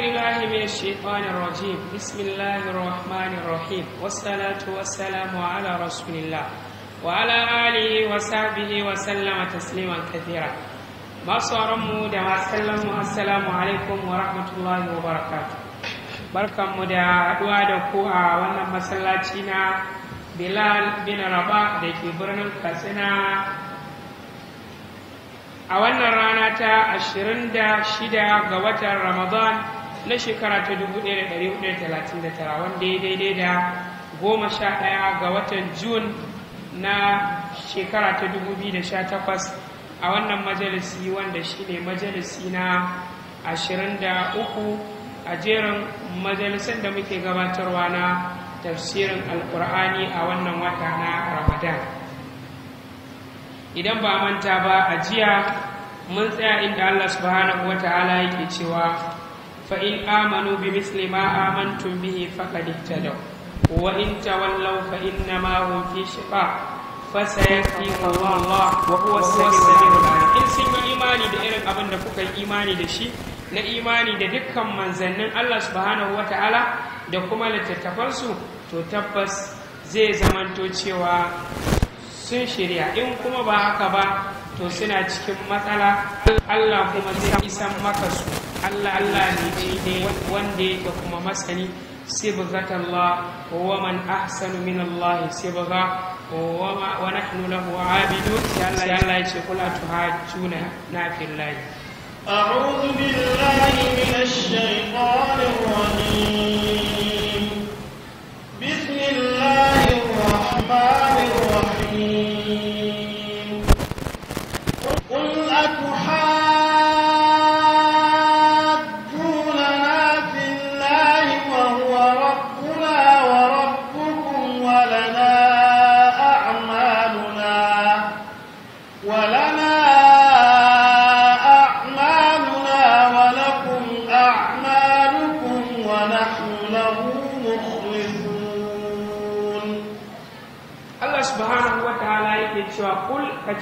بالله من الشيطان الرجيم بسم الله الرحمن الرحيم والصلاة والسلام على رسول الله وعلى آله وصحبه وسلم تسليما كثيرا da masallanmu assalamu alaikum da haɗuwa da ku a wannan na bilal bin katsina a wannan rana ta 26 ga watan ramadan na shekara ta 1439 wanda ya daidai da goma sha ɗaya ga watan jun na shekara ta 2018 a wannan majalisi wanda shi ne majalisi na 23 a jerin majalisan da muke gabatarwa na tafsirin alkur'ani a wannan wata na ramadan idan ba manta ba a jiya mun tsaya inda allah subhanahu wa ta'ala yake cewa Fa in Amunubi musulma amun tun bihe faƙadin ta dawo. Wahin tawan laufin na magon feshi fa, fa sa yaƙi wa wasu wani wani. In sun yi imani da irin abin da kuka yi imani da shi, na imani da dukkan manzannin Allah S.WazaWa, da kuma littattafarsu, to tabbas zai zamantar cewa sun shirya. In kuma ba haka ba, to suna cikin matsala. Allah Kuma zai isan maka su. Allah Allah ne shi wanda kuma masani sibghat Allah wa man ahsanu min Allah sibgha wa nahnu lahu sai Allah ya ce kula na fillahi أعوذ بالله من الشيطان الرجيم بسم الله الرحمن الرحيم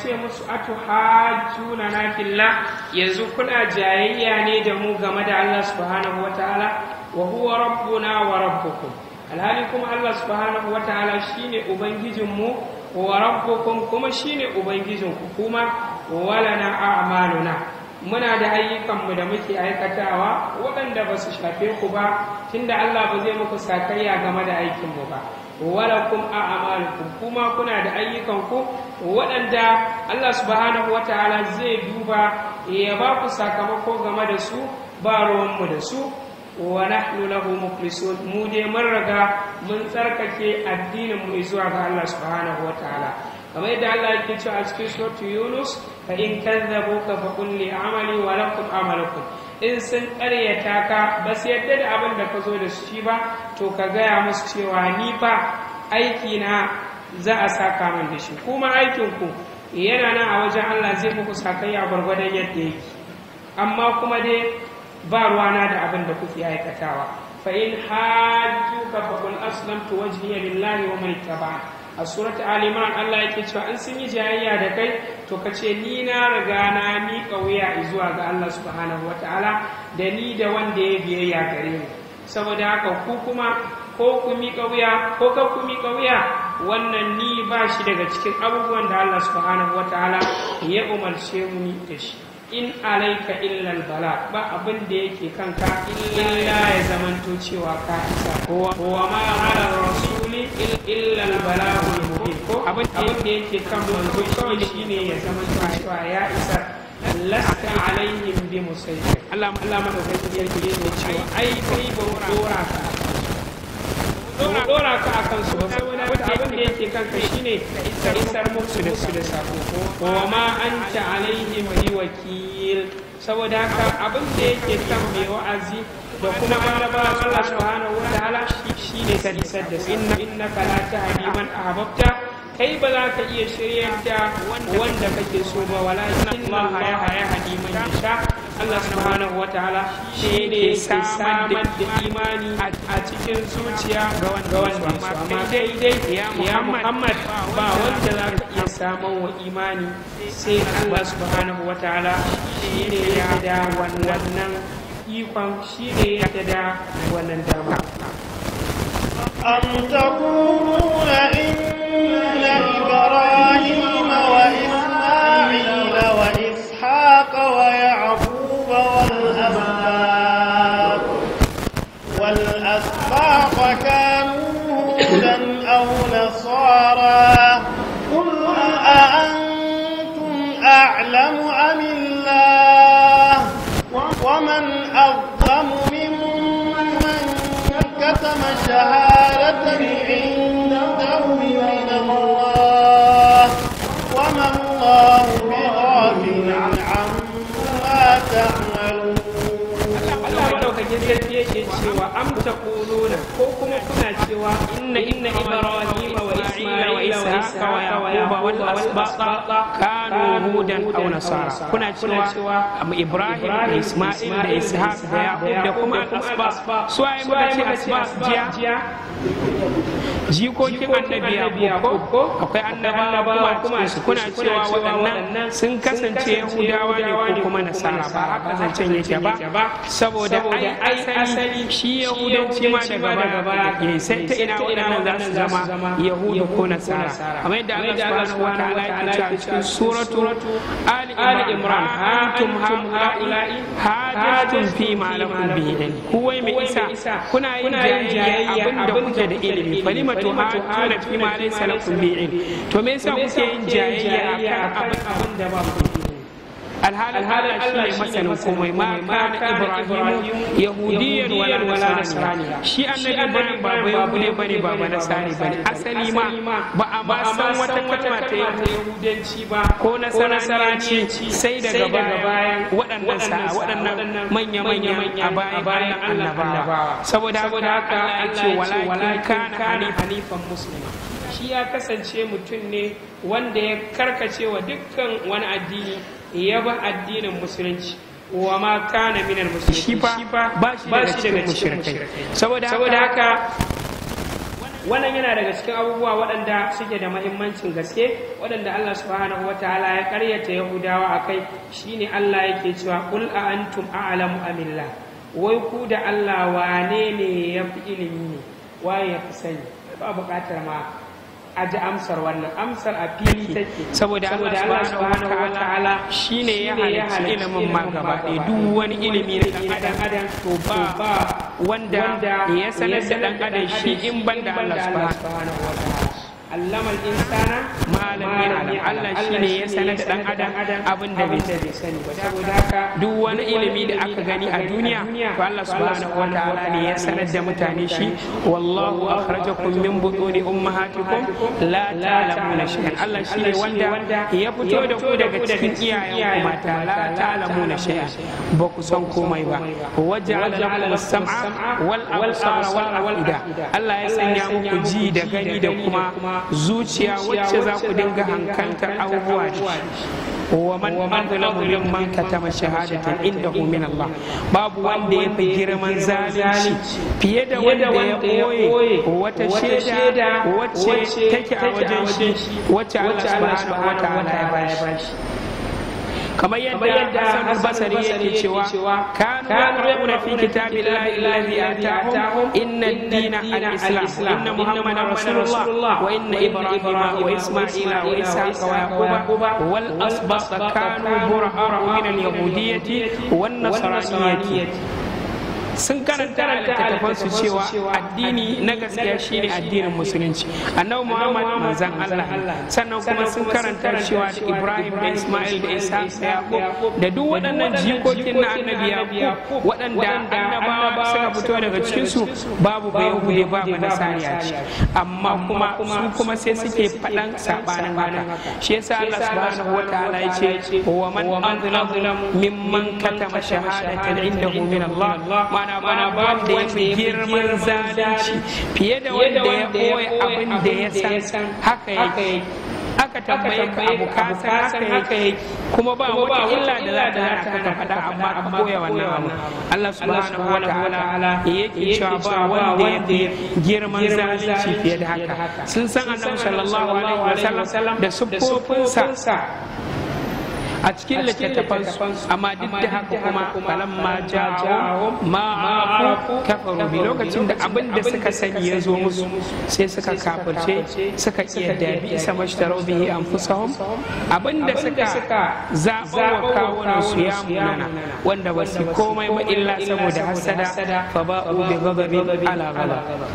ce musu atu hajjuna na killa, yanzu kuna jayayya ne da mu game da Allah subhanahu ta'ala wa huwa rabbuna wa rabbukum alhali kuma Allah subhanahu shi shine ubangijinmu wa rabbukum kuma shine ubangijinku kuma wala na a'maluna muna da ayyukanmu da muke aikatawa waɗanda ba su shafe ku ba tunda Allah ba zai muku sakayya game da aikinmu ba walakum a'malukum kuma kuna da ayyukan ku waɗanda Allah subhanahu wataala zai duba ya ba ku sakamako game da su ba ruwanmu da su wa nahnu lahu mu dai mun raga mun tsarkake addinin mu zuwa ga Allah subhanahu wataala kamar yadda Allah yake cewa a cikin suratu Yunus fa in kadzabuka fa qul li amali wa lakum amalukum in sun ƙaryata ka ba su yadda da abin da ka zo da shi ba to ka gaya musu cewa ni fa aiki na za a saka min da shi kuma aikinku yana nan a wajen Allah zai muku a gwargwadon yadda yake amma kuma dai ba ruwa na da abin da kuke aikatawa fa in ka fa qul aslamtu wajhiya lillahi wa man ittaba a surat ali imran Allah yake cewa in sun yi jayayya da kai to ka ce ni na riga na miƙa wuya zuwa ga Allah subhanahu ta'ala da ni da wanda ya biyayya gare ni saboda haka ku kuma ko ku miƙa wuya ko ka ku miƙa wuya wannan ni ba shi daga cikin abubuwan da Allah subhanahu ta'ala ya umarce mu da shi in alaika illal bala ba abin da yake kanka illa ya zamanto cewa ka isa kowa ma ala rasuli illal balagul ko abin da yake kan manzo kawai shine ya zama cewa ya isa lasta alaihim bi musaytir Allah Allah madaukakin yarki ne cewa ai kai ba dora ka dora ka akan su abin da yake kanka shi ne isar musu da su da sako wa ma anta alaihim bi wakil saboda haka abin da yake kan mai wa'azi da kuma ba Allah subhanahu wa ta'ala inna innaka la tahdi man ahbabta kai ba za ka iya shiryar da wanda kake so ba wala inna ma ya haya hadi man yasha Allah subhanahu wa ta'ala shi ne samar da imani a cikin zuciya ga wanda amma dai-dai, ya Muhammad ba wanda za ka iya samar wa imani sai Allah subhanahu wa ta'ala shi ne ya da wannan ikon shi ne ya da wannan dama أم تقولون إن إبراهيم وإسماعيل وإسحاق ويعقوب والأسباط والأسباط كانوا الشهادة عنده يعلم الله وما الله بغافل عما تعمل gaskiya ke cewa am taquluna ko kuma kuna cewa inna inna ibrahim wa isma'ila wa ishaqa wa yaquba wa al asbaqa kanu hudan aw nasara kuna cewa am ibrahim wa isma'il wa ishaq wa yaquba da kuma al asbaq su ai muka ce asbaq jiya jikokin annabiya biya ko akwai annaba kuma su kuna cewa waɗannan sun kasance yahudawa ne ko kuma nasara ba haka zancen yake ba saboda ai asali shi yahudanci ma daga baya ya sai ta ina waɗannan za su zama yahudu ko nasara kamar yadda Allah subhanahu wa ta'ala ya ce cikin suratu ali imran antum haula'i hajatun fi ma lakum bihi kuwai mai isa kuna yin jayayya abinda kuke da ilimi falimatu hajatun fi ma laysa lakum bi'in to me yasa kuke yin jayayya akan abin da ba ku alhalin Allah shi ne masanin komai ma kana Ibrahim yahudiyan wala nasrani shi annabi Ibrahim ba ba yahudi bane ba ba nasrani bane asali ma ba a ba san wata kalma ta yahudanci ba ko nasrani sai daga baya waɗannan sa waɗannan manya manya a baya bayan annabawa saboda haka Allah ya ce walakin kana hanifan muslima shi ya kasance mutum ne wanda ya karkace wa dukkan wani addini ya ba addinin musulunci wa ma kana minal musulunci shi ba shi daga cikin mushrikai saboda haka wannan yana daga cikin abubuwa waɗanda suke da mahimmancin gaske waɗanda Allah subhanahu wa ta'ala ya karyata yahudawa a kai shine Allah yake cewa qul a antum a'lamu amillah wai ku da Allah wane ne ya fi ilimi ne waye ya fi sani ba buƙatar ma a ji amsar wannan amsar a fili take saboda Allah subhanahu wa ta'ala shine ya halicci ilimin ma gaba ɗaya duk wani ilimi na dan adam to ba wanda ya sanar da dan adam shi in banda Allah subhanahu wa ta'ala allama insana ma lam Allah shine ya sanar da dan adam abin da bai sani ba saboda haka duk wani ilimi da aka gani a duniya ko Allah subhanahu wataala ne ya sanar da mutane shi wallahu akhrajakum min butuni ummahatikum la ta'lamuna shay'an Allah shine wanda ya fito da ku daga cikin iyayenku? mata la ta'lamuna shay'an ba ku san komai ba waja'ala lakum as-sam'a wal absara wal afida Allah ya sanya muku ji da gani da kuma zuciya wacce za ku dinga hankanta abubuwa da shi ومن babu ممن كتم شهادة عنده من الله باب وان دي بجير من زالنشي في يد وان دي قوي وتشيدا وتشيدا تكي وجنشي وتعالى سبحانه وتعالى يباشي kamar yadda Hassan Basri yake cewa kanu yaqra'una fi kitabillahi alladhi atahum inna ad-dina al-islam inna muhammadar rasulullah wa inna ibrahima wa isma'ila wa ishaqa wa yaquba wal asbaq kanu burha'a min al-yahudiyyati wan nasraniyyati sun karanta a littattafansu cewa addini na gaskiya shine addinin musulunci annabi muhammad manzan allah sannan kuma sun karanta cewa da ibrahim da ismail da isa da yaqub da duk waɗannan jikokin na annabi yaqub waɗanda annabawa suka fito daga cikin su babu bai hude ba na a ce. amma kuma su kuma sai suke faɗan sabanin haka shi yasa allah subhanahu wa ta'ala ce wa man azlamu mimman katama shahadatan indahu min allah mana babu wani girman zalunci fiye da wanda ya koya abin da ya san haka yake aka tambaye ka abu ka san haka yake kuma ba wata illa da za ta haka ka faɗa amma ka koya wannan abu Allah subhanahu wa ta'ala yake cewa ba wanda ya fi girman zalunci fiye da haka sun san annabi sallallahu alaihi wa sallam da sufofinsa a cikin littattafansu amma duk da haka kuma falan ma ja'ahum ma kafaru bi lokacin da abin da suka sani ya zo musu sai suka kafirce suka da bi isa mashtarau bihi anfusahum abin da suka zaɓa wa kawunan su ya munana wanda ba su komai ba illa saboda hasada fa ba'u bi ghadabi ala ghadab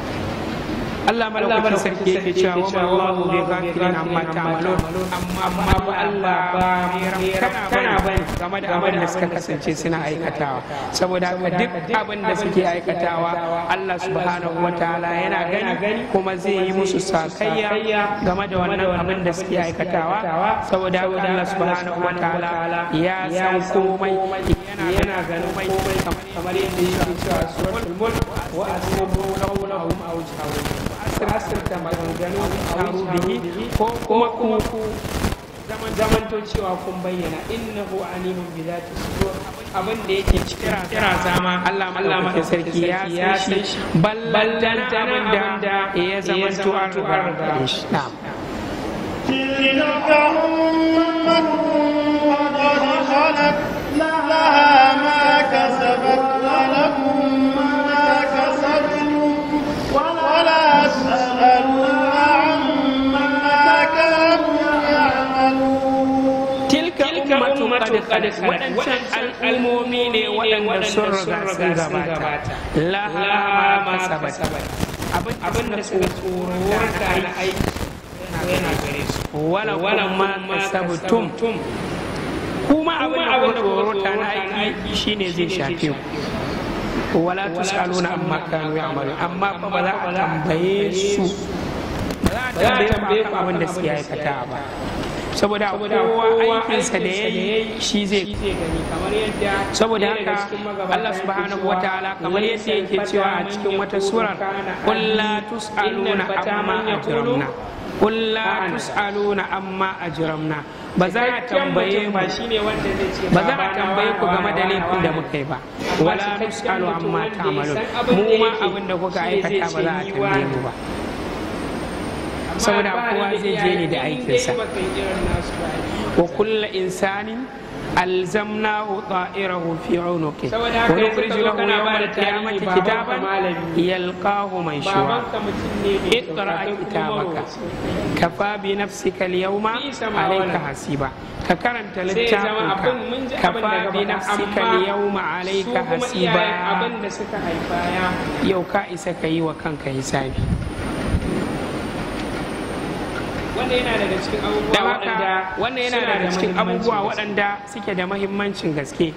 Allah malaukakin sarki yake cewa wa Allahu bi ghafilin amma ta'malun amma ba Allah ba kana bane game da abin da suka kasance suna aikatawa saboda haka duk abin da suke aikatawa Allah subhanahu wataala yana gani kuma zai yi musu sakayya game da wannan abin da suke aikatawa saboda haka Allah subhanahu wataala ya san komai yana ganin komai kamar yadda yake cewa suratul mulk wa asbuhu qawluhum aw jahannam asirta maganganu taru bihi ko kuma kuma ku zamanto cewa kun bayyana innahu alimun bi zati sudur abin da yake cikin kira zama Allah mallaka sarki ya san shi ballan abin da ya zama an rubuta na'am تلك أمة قد خلت لها ما كسبت qad waɗancan al'ummomi ne waɗanda sun riga sun gabata laha ma sabat abin da suka tsorata na aiki yana gare su wala wala ma sabtum kuma abin da kuka tsorata na aiki shine zai shafe ku wala tusaluna amma kanu ya'malu amma ba za a tambaye su ba za a tambaye ku abin da suke aikata ba saboda kowa aikinsa da ya yi shi zai gani saboda haka Allah subhanahu wa ta'ala kamar yadda yake cewa a cikin wata surar kulla tus'aluna amma ajramna kulla tus'aluna amma ajramna ba za a tambaye mu ba za a tambaye ku game da laifin da muka yi ba wala tus'alu amma ta'malun mu ma abin da kuka aikata ba za a tambaye mu ba saboda kowa zai je ne da aikinsa wa kulla insanin alzamnahu ta'irahu fi ke. wani kurji na hu yau mara tayi kitaban yalqahu man shuwa ikra kitabaka ka fa bi nafsika alyawma alayka hasiba ka karanta littafin ka ka fa bi nafsika alyawma ma hasiba abinda suka haifa yau ka isa ka yi wa kanka hisabi wanda yana daga cikin abubuwa waɗanda suke da mahimmancin gaske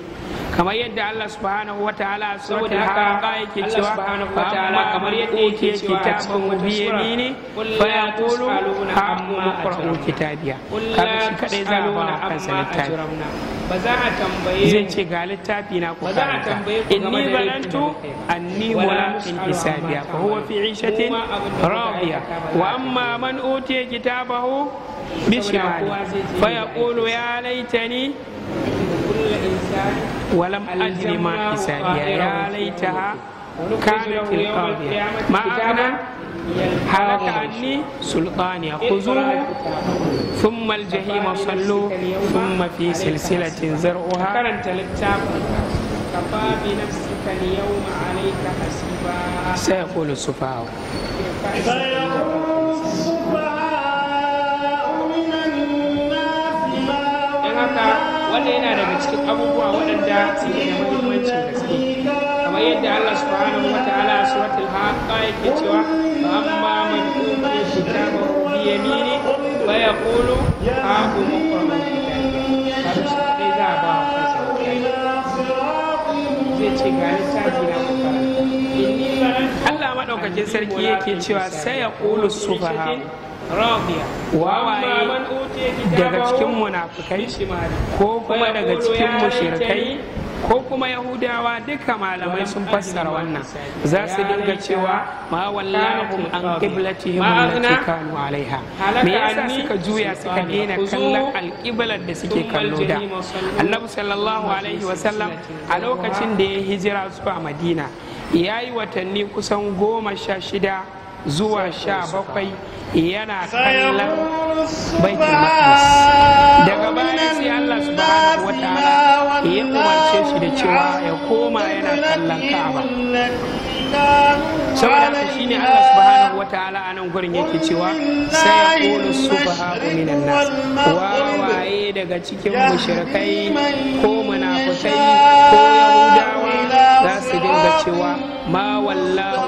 kamar yadda Allah subhanahu wa ta'ala saboda haka yake cewa amma kamar yadda yake kitabun biyami ne fa ya qulu amma aqra'u kitabiya kaga shi kadai za a ba kansa littafi ba za a tambaye zai ce ga littafi na ku karanta inni balantu anni mulaqin hisabiya fa huwa fi 'ishatin radiya wa amma man utiya kitabahu bishimali fa yaqulu ya laitani kullu insani ولم أدر ما حسابها يا ليتها كانت القاضية ما أغنى هلك عني سلطاني إيه؟ خذوه ثم الجحيم صلوا ثم في سلسلة زرعها كفى بنفسك اليوم عليك حسيبا سيقول السفهاء wannan yana daga cikin abubuwa waɗanda suke da da gaske kamar yadda Allah subhanahu wa ta'ala a suratul haqqa yake cewa amma man utiya kitabahu bi yamini wa yaqulu ha umqamu kitabi za ba zai ce Allah maɗaukakin sarki yake cewa sai ya ƙulu su wawaye daga cikin munafukai ko kuma daga cikin mushirikai ko kuma yahudawa duka malamai sun fassara wannan za su dinga cewa ma wallahu an qiblatihim allati kanu alaiha me yasa suka juya suka daina kallon alqiblar da suke kallo da annabi sallallahu alaihi wasallam a lokacin da ya hijira zuwa madina yayi watanni kusan goma sha shida zuwa sha bakwai yana kallon baitul daga baya sai Allah subhanahu ta'ala ya umarce shi da cewa ya koma yana kallon Ka'aba saboda shi ne Allah subhanahu ta'ala a nan gurin yake cewa sai ya kula subhanahu minan nas wawaye daga cikin mushrikai ko munafikai ko yahudawa za su dinga cewa ma wallahu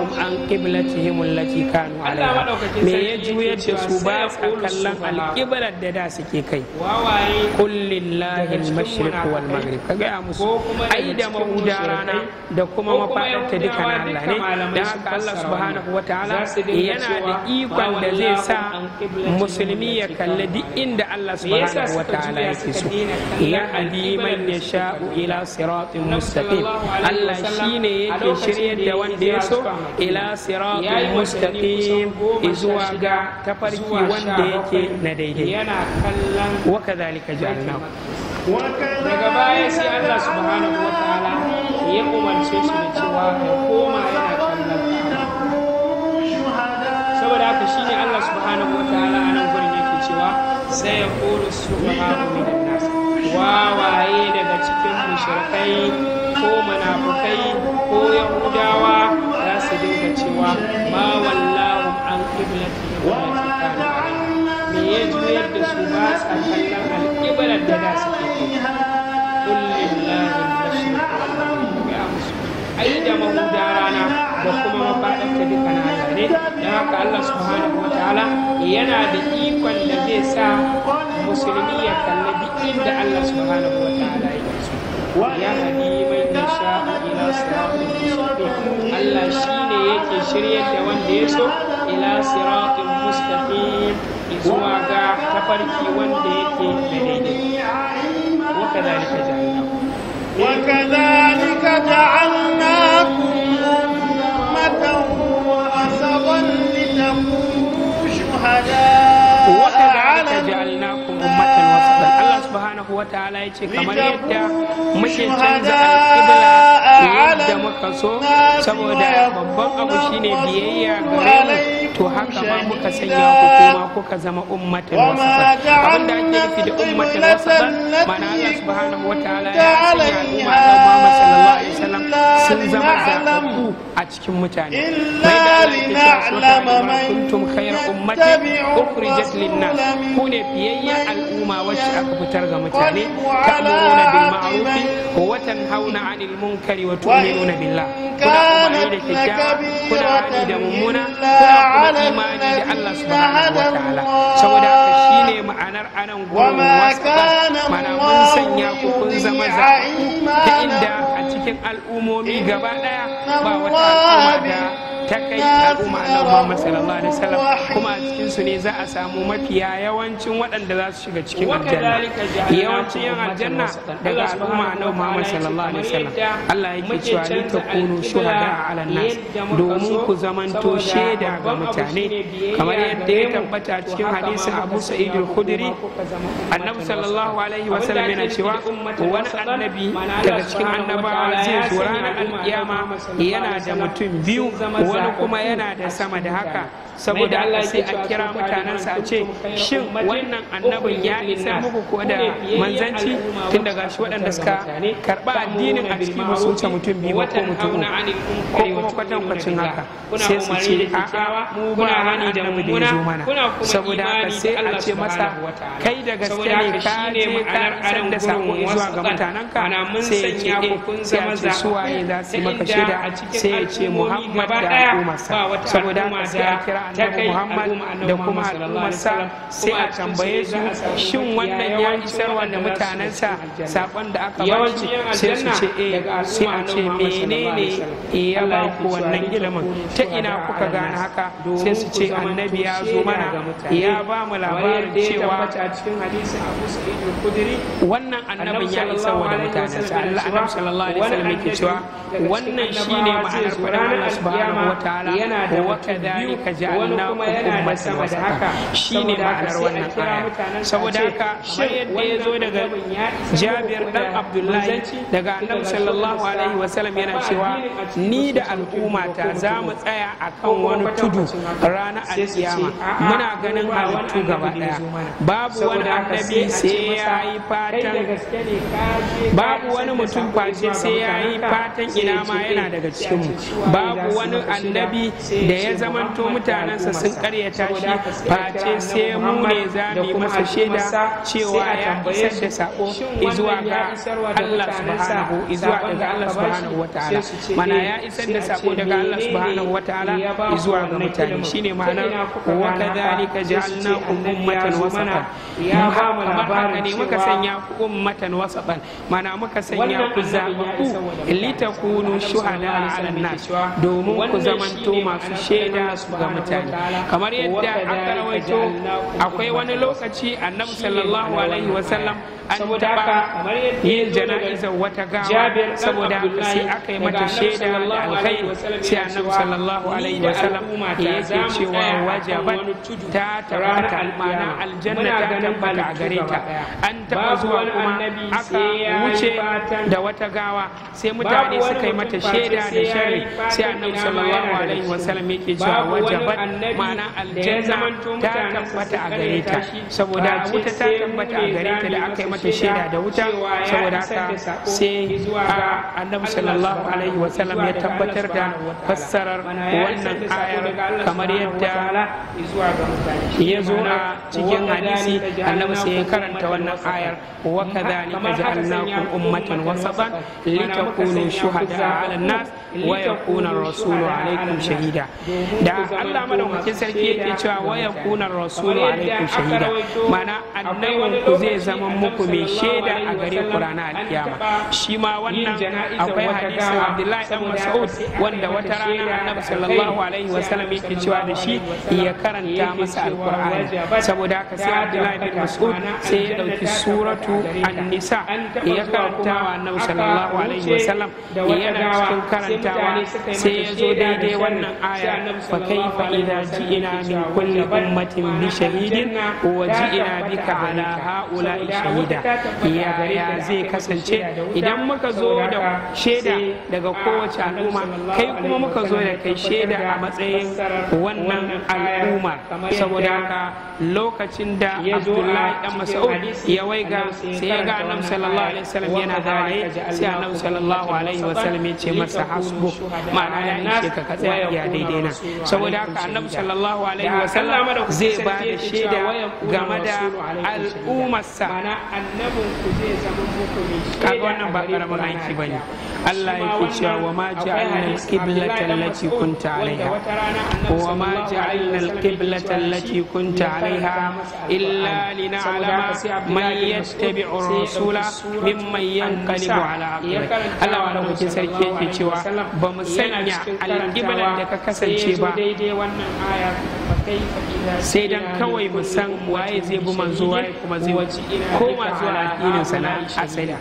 qiblatihim allati kanu alaiha me ya juyar da su ba sa kallon alqiblar da da suke kai qul lillahi al-mashriq wal maghrib ka ga musu ai da mahuda rana da kuma mafadarta duka na Allah ne Da haka Allah subhanahu ta'ala yana da ikon da zai sa musulmi ya kalli duk inda Allah subhanahu wataala yake so ya hadi man yasha'u ila siratin mustaqim Allah shine yake shiryar da wanda ya so ila siratal mustaqim zuwa ga tafarki wanda yake na daidai yana kallon wa kadhalika ja'alna daga baya sai Allah subhanahu wa ta'ala ya umarce shi da cewa ya koma yana kallon saboda haka shine Allah subhanahu wa ta'ala a nan gurin yake cewa sai ya kulu sufaha wa Wa wawaye daga cikin mushrikai ko munafukai ko yahudawa su dinga cewa ma wallahu an qiblati me ya juyar da su ba sa kallon alƙiblar da da suke ai da mahuda rana da kuma ta duka na zane don haka Allah subhanahu wa ta'ala yana da ikon da zai sa musulmi ya kalli bikin da Allah subhanahu wa ta'ala ya yi su ya hadi mai ila siratin mustaqim Allah shine yake shiryar da wanda ya so ila siratin mustaqim zuwa ga tafarki wanda yake daidai wa kadhalika ja'alnakum wa kadhalika ja'alnakum subhanahu wa ta'ala ya ce kamar yadda muke canza al-qibla yadda muka so saboda babban abu shine biyayya gare mu to haka ma muka sanya ku kuma kuka zama ummatin wasu ba da ake nufi da ummatin ba mana Allah subhanahu wa ta'ala ya sanya al'umma ta Muhammad sallallahu alaihi wasallam sun zama zaɓa ku a cikin mutane illa lina'lama man kuntum khayra ummatin ukhrijat lin ku ne fiyayyen al'umma wacce aka fitar ga mutane ta'muruna bil ma'ruf wa tanhauna 'anil munkari wa tu'minuna billah kuna da kyakkyawa kuna hani da mummuna kuna kuma imani da Allah subhanahu wa ta'ala saboda haka shine ma'anar anan gurin wasa mana mun sanya ku kun zama zaɓu ta inda cikin al'umomi gaba ɗaya ba wata al'umma da ta kai al'umma annabi Muhammad sallallahu alaihi wasallam kuma a cikin su ne za a samu mafiya yawancin waɗanda za su shiga cikin aljanna yawancin yan aljanna daga al'umma annabi Muhammad sallallahu alaihi wasallam Allah yake cewa ta kunu shuhada ala nas domin ku zamanto shaida ga mutane kamar yadda ya tabbata cikin hadisin Abu Sa'id al-Khudri annabi sallallahu alaihi wasallam yana cewa wani annabi daga cikin annabawa zai zo ranar alkiyama yana da mutum biyu wani kuma yana da sama da haka saboda Allah sai a kira mutanensa a ce shin wannan annabin ya isa muku ko da manzanci tun daga shi waɗanda suka karɓa addinin a cikin musu wuce mutum biyu ko mutum ko kuma kwatankwacin haka sai su ce a mu ba hani da mu da ya zo mana saboda haka sai a ce masa kai da gaske ne ka je ka san da sako zuwa ga mutanenka sai ya ce e sai ya ce suwaye za su maka shaida sai ya ce muhammad da al'ummarsa saboda haka a kira annabi muhammad da kuma al'ummarsa sai a tambaye su shin wannan ya isar wanda mutanensa sakon da aka ba shi sai su ce eh sai a ce menene ya ba ku wannan ilimin ta ina kuka gane haka sai su ce annabi ya zo mana ya ba mu labarin cewa wannan annabin ya isa wa da mutanensa Allah annabi sallallahu alaihi wasallam yake cewa wannan shine ma'anar faɗin Allah subhanahu wa ta'ala yana da wata dalika da haka. Shi shine ma'anar wannan aya saboda haka kamar yadda ya zo daga Jabir dan Abdullahi daga Annabi sallallahu alaihi sallam yana cewa ni da al'ummata za mu tsaya akan wani tudu rana alkiyama muna ganin halittu gaba daya babu wani annabi sai ya yi fatan babu wani mutum face sai ya yi fatan ina ma eh, yana daga cikinmu babu wani annabi da ya zamanto mutanensa sun karyata shi face sai mu ne za mu yi masa shaida cewa eh, ya isar da sako izuwa ga Allah subhanahu izuwa daga Allah eh, subhanahu wataala mana ya isar da sako daga Allah subhanahu wataala izuwa ga mutane shine ma'ana wa kadhalika ja'alna ummatan wasata ya ba mu labarin ne muka sanya ku ummatan wasatan mana muka sanya ku zaɓaɓɓu litakunu shuhada 'ala nas domin ku zama zamanto masu shaida su ga mutane kamar yadda aka rawaito akwai wani lokaci annabi sallallahu alaihi wasallam an taba yin jana'izar wata gawa saboda sai aka yi mata shaida da alkhairi sai annabi sallallahu alaihi wasallam ke cewa wajaban ta tabbata ma'ana aljanna ta tabbata a gare ta an taba zuwa kuma aka wuce da wata gawa sai mutane suka yi mata shaida da shari sai annabi sallallahu sallallahu alaihi wasallam yake cewa wajabat ma'ana aljanna ta tabbata a gare ta saboda wuta ta tabbata a gare ta da aka yi mata shaida da wuta saboda haka sai annabi sallallahu alaihi wasallam ya tabbatar da fassarar wannan ayar kamar yadda ya zo a cikin hadisi annabi sai ya karanta wannan ayar wa kadhalika ja'alnakum ummatan wasatan litakunu shuhada 'ala an-nas wa yakuna ar-rasulu 'alaykum alaikum shahida da Allah madaukakin sarki yake cewa wa yakuna rasulu alaikum shahida mana annabin ku zai zama muku mai shaida a gare ku ranar alkiyama shi ma wannan akwai hadisin Abdullahi dan Mas'ud wanda wata rana Annabi sallallahu alaihi wa yake cewa da shi ya karanta masa alqur'ani saboda haka sai Abdullahi bin Mas'ud sai ya dauki suratu an-nisa ya karanta wa Annabi sallallahu alaihi wa sallam yana cikin karantawa sai ya zo dai dai wannan aya fa kaifa idza ji'ina min kulli ummatin bi shahidin wa ji'ina bika ala haula'i shahida ya ya zai kasance idan muka zo da shaida daga kowace al'umma kai kuma muka zo da kai shaida a matsayin wannan al'umma saboda haka lokacin da abdullahi dan mas'ud ya waiga sai ya ga annabi sallallahu alaihi wasallam yana da sai annabi sallallahu alaihi wasallam ya ce masa hasbu ma'ana ne shi ka ka tsaya iya daidai na saboda haka annabi sallallahu alaihi wa sallam zai ba da shaida game da al'ummarsa annabin ku zai zama muku kaga wannan ba karamin aiki bane Allah ya ke cewa wa ma ja'alna al-qiblata allati kunta alaiha wa ma ja'alna al-qiblata allati kunta alaiha illa lina'lama man yattabi'u ar rusula mimman yanqalibu ala aqlihi Allah wa sarki ke cewa ba mu sanya al da ka kasance ba sai dan kawai mu san waye zai bi manzo waye kuma zai wuce koma zuwa addinin sana asali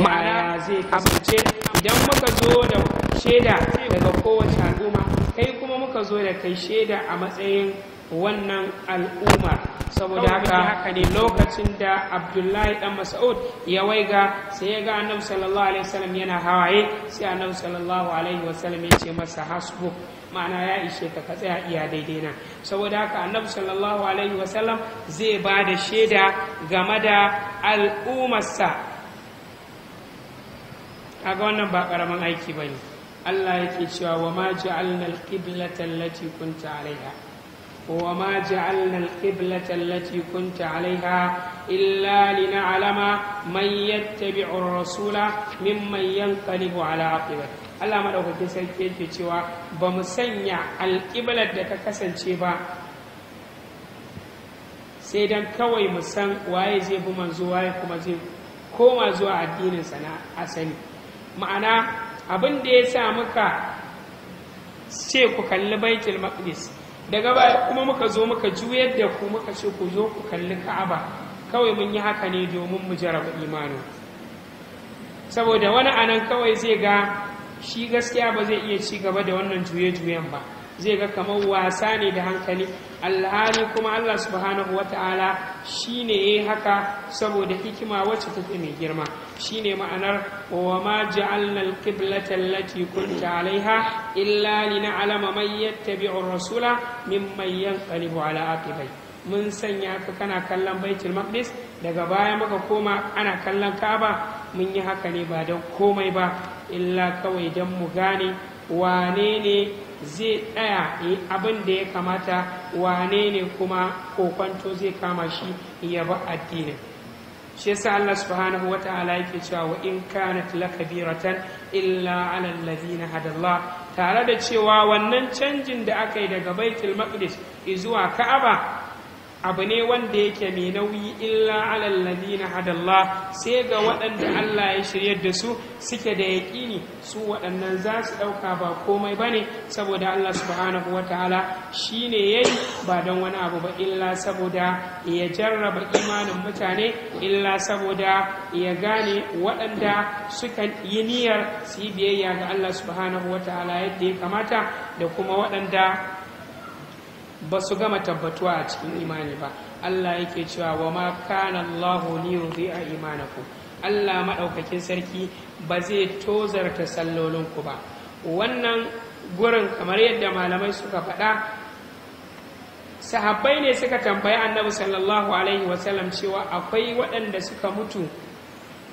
ma'ana abuce idan muka zo da shaida daga kowace al'umma kai kuma muka zo da kai shaida a matsayin wannan al'umma saboda haka haka ne lokacin da abdullahi dan mas'ud ya waiga sai ya ga annabi sallallahu alaihi wasallam yana hawaye sai annabi sallallahu alaihi wasallam ya ce masa hasbu ma'ana ya ishe ka ka tsaya iya daidai na saboda haka annabi sallallahu alaihi wasallam zai ba da shaida game da al'ummarsa kaga wannan ba karaman aiki bane Allah yake cewa wa ma ja'alnal al-qiblata allati kunta alaiha وما جعلنا القبلة التي كنت عليها إلا لنعلم من يتبع الرسول ممن ينقلب على عقبه Allah madaukakin sarki yake cewa ba mu sanya alƙiblar da ka kasance ba sai don kawai mu san waye zai bi manzo waye kuma zai koma zuwa addinin na asali ma'ana abin da ya sa muka ce ku kalli baitul maqdis daga baya kuma muka zo muka juyar da ku muka ce ku zo ku kalli ka'aba kawai mun yi haka ne domin mu jaraba imanu. saboda wani anan kawai zai ga shi gaskiya ba zai iya ci gaba da wannan juye-juyen ba zai ga kamar wasa ne da hankali alhali kuma allah subhanahu wa ta'ala shi ne ya yi haka saboda hikima wacce take mai girma shi ne ma'anar wa ma ja'alna alqiblata lati kunta alaiha illa lina'lama man yattabi'ur rasula mimman yanqalibu ala aqibai mun sanya ka kana kallon baitul maqdis daga baya muka koma ana kallon ka'aba mun yi haka ne ba don komai ba illa kawai don mu gane wane ne zai tsaya yi abin da ya kamata wane ne kuma kokwanto zai kama shi ya ba addinin shi yasa Allah subhanahu wa ta'ala yake cewa wa in kanat lakabiratan illa ala alladhina hadallah tare da cewa wannan canjin da aka yi daga baitul maqdis zuwa ka'aba abu ne wanda yake mai nauyi illa alal ladina hadallah sai ga waɗanda Allah ya shirya da su suke da yaƙini su waɗannan za su ɗauka ba komai ba ne saboda Allah subhanahu wa ta'ala shi ne ya yi ba don wani abu ba illa saboda ya jarraba imanin mutane illa saboda ya gane waɗanda sukan yi niyyar su yi biyayya ga Allah subhanahu wa ta'ala yadda ya kamata da kuma waɗanda ba su gama tabbatuwa a cikin imani ba Allah yake cewa wa ma kana Allahu li a imanakum Allah madaukakin sarki ba zai tozarta sallolinku ba wannan gurin kamar yadda malamai suka faɗa sahabbai ne suka tambayi annabi sallallahu alaihi wasallam cewa akwai waɗanda suka mutu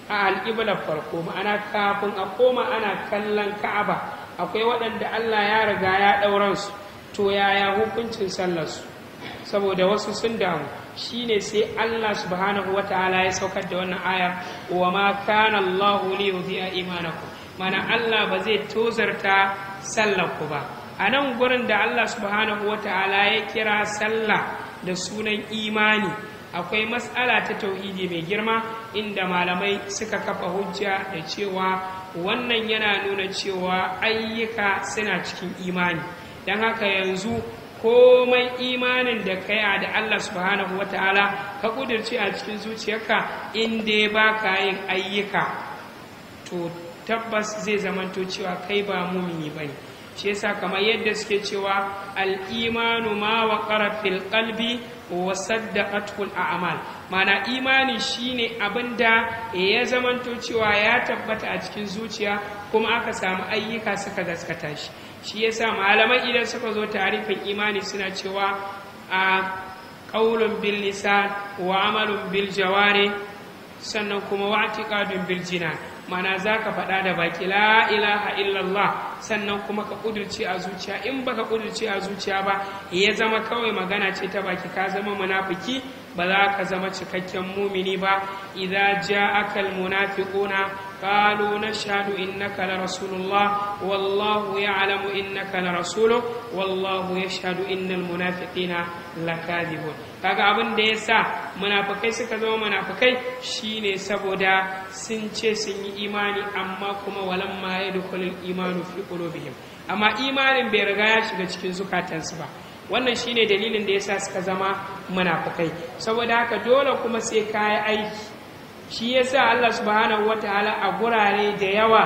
a al'ibla farko ma'ana kafin a koma ana kallon ka'aba akwai waɗanda Allah ya riga ya ɗauransu to yaya hukuncin sallarsu saboda wasu sun damu shi ne sai Allah subhanahu wa ta'ala ya saukar da wannan aya wa ma kana Allahu li yudhi'a imanakum mana Allah ba zai tozarta sallar ba a nan gurin da Allah subhanahu wa ta'ala ya kira sallah da sunan imani akwai matsala ta tauhidi mai girma inda malamai suka kafa hujja da cewa wannan yana nuna cewa ayyuka suna cikin imani don haka yanzu komai imanin da yi da Allah subhanahu ta'ala ka ƙudurce a cikin zuciyarka in dai ba ka yin ayyuka to tabbas zai zamanto cewa kai ba mumini ne. shi yasa kamar yadda suke cewa al-imanu ma wa ƙara filƙalbi wa a a'mal mana imani shine da ya zamanto cewa ya tabbata a cikin zuciya kuma aka samu ayyuka suka gaskata shi shi yasa malamai idan suka zo tarifin imani suna cewa a ƙaulun bil lisan wa amalun bil jaware sannan kuma wa bil jinan mana za ka faɗa da baki la ilaha illallah sannan kuma ka ƙudurce a zuciya in ba ka ƙudurce a zuciya ba ya zama kawai magana ce ta baki ka zama munafiki ba za ka zama cikakken mumini ba idza ja'aka almunafiquna قالوا نشهد إنك لرسول الله والله يعلم إنك لرسوله والله يشهد إن المنافقين لكاذبون kaga abin da ya sa munafukai suka zama munafukai shine saboda sun ce sun yi imani amma kuma walan ma ya dukulul imanu fi qulubihim amma imanin bai riga ya shiga cikin zukatansu ba wannan shine dalilin da yasa suka zama munafukai saboda haka dole kuma sai kayi aiki shi sa Allah subhanahu wataala a gurare da yawa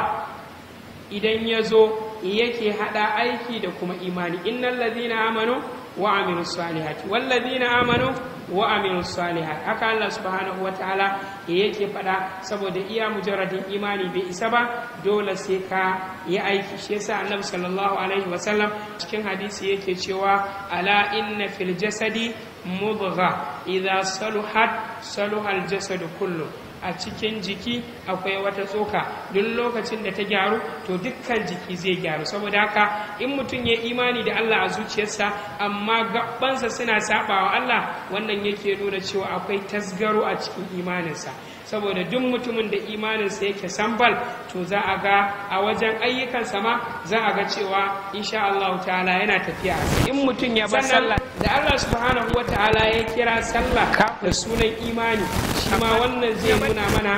idan ya zo yake haɗa aiki da kuma imani innal ladhina amanu wa amilus salihati wal ladhina amanu wa amilus salihati haka Allah subhanahu wataala yake faɗa saboda iya mujarradin imani bai isa ba dole sai ka yi aiki shi yasa Annabi sallallahu alaihi cikin hadisi yake cewa ala inna fil jasadi mudgha idza saluhat saluhal jasadu kullu a cikin jiki akwai wata tsoka duk lokacin da ta gyaru to dukkan jiki zai gyaru saboda haka in mutum ya imani da Allah a zuciyarsa amma gabansa suna sabawa Allah wannan yake nuna cewa akwai tasgaro a cikin imaninsa saboda duk mutumin da imaninsa yake sambal to za a ga a wajen ayyukansa ma za a ga cewa insha Allah ta'ala yana tafiya in mutum ya bar sallah da Allah subhanahu wa ya kira sallah da sunan imani shi ma wannan zai nuna mana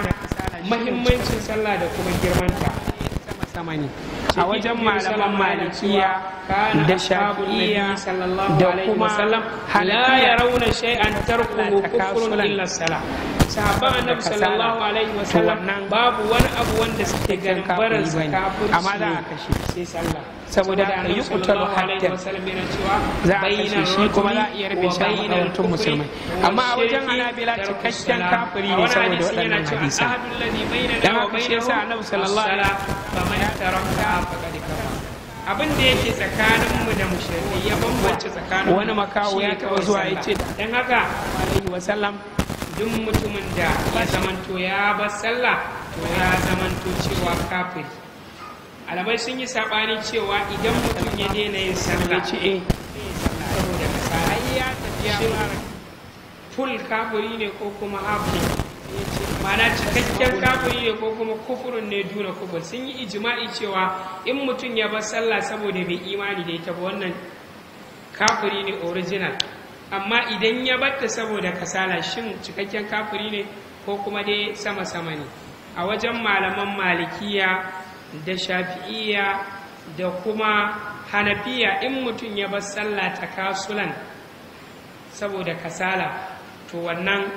muhimmancin sallah da kuma girmanta sama ne a wajen malaman malikiya da shafi'iya da kuma la yarawna shay'an tarkuhu kufrun illa salah sahabban annabi sallallahu alaihi wasallam babu wani abu wanda suke ganin barin kafirci amma za a kashe sai sallah saboda da yi kutalu hatta za a kashe shi kuma za a iya rufe shi a makarantun musulmai amma a wajen anabila cikakken kafiri ne saboda waɗannan hadisa dan haka shi yasa annabi sallallahu alaihi wasallam ya ka. abin da yake tsakaninmu da mushrikai ya bambance tsakanin wani makawo ya taɓa zuwa ya ce dan haka alaihi wasallam duk mutumin da ya zamanto ya bar sallah to ya zamanto cewa kafiri malamai sun yi saɓani cewa idan mutum ya daina yin sallah saboda kasala ya tafiya ful kafuri ne ko kuma hafi mana cikakken kafuri ne ko kuma kufurin ne duna kufur sun yi ijima'i cewa in mutum ya bar sallah saboda bai imani da ita ba wannan kafuri ne original amma idan ya batta saboda kasala shin cikakken kafuri ne ko kuma dai sama-sama ne a wajen malaman malikiya da shafi'iyya da kuma hanafiya in mutum ya bar sallah ta kasulan saboda kasala to wannan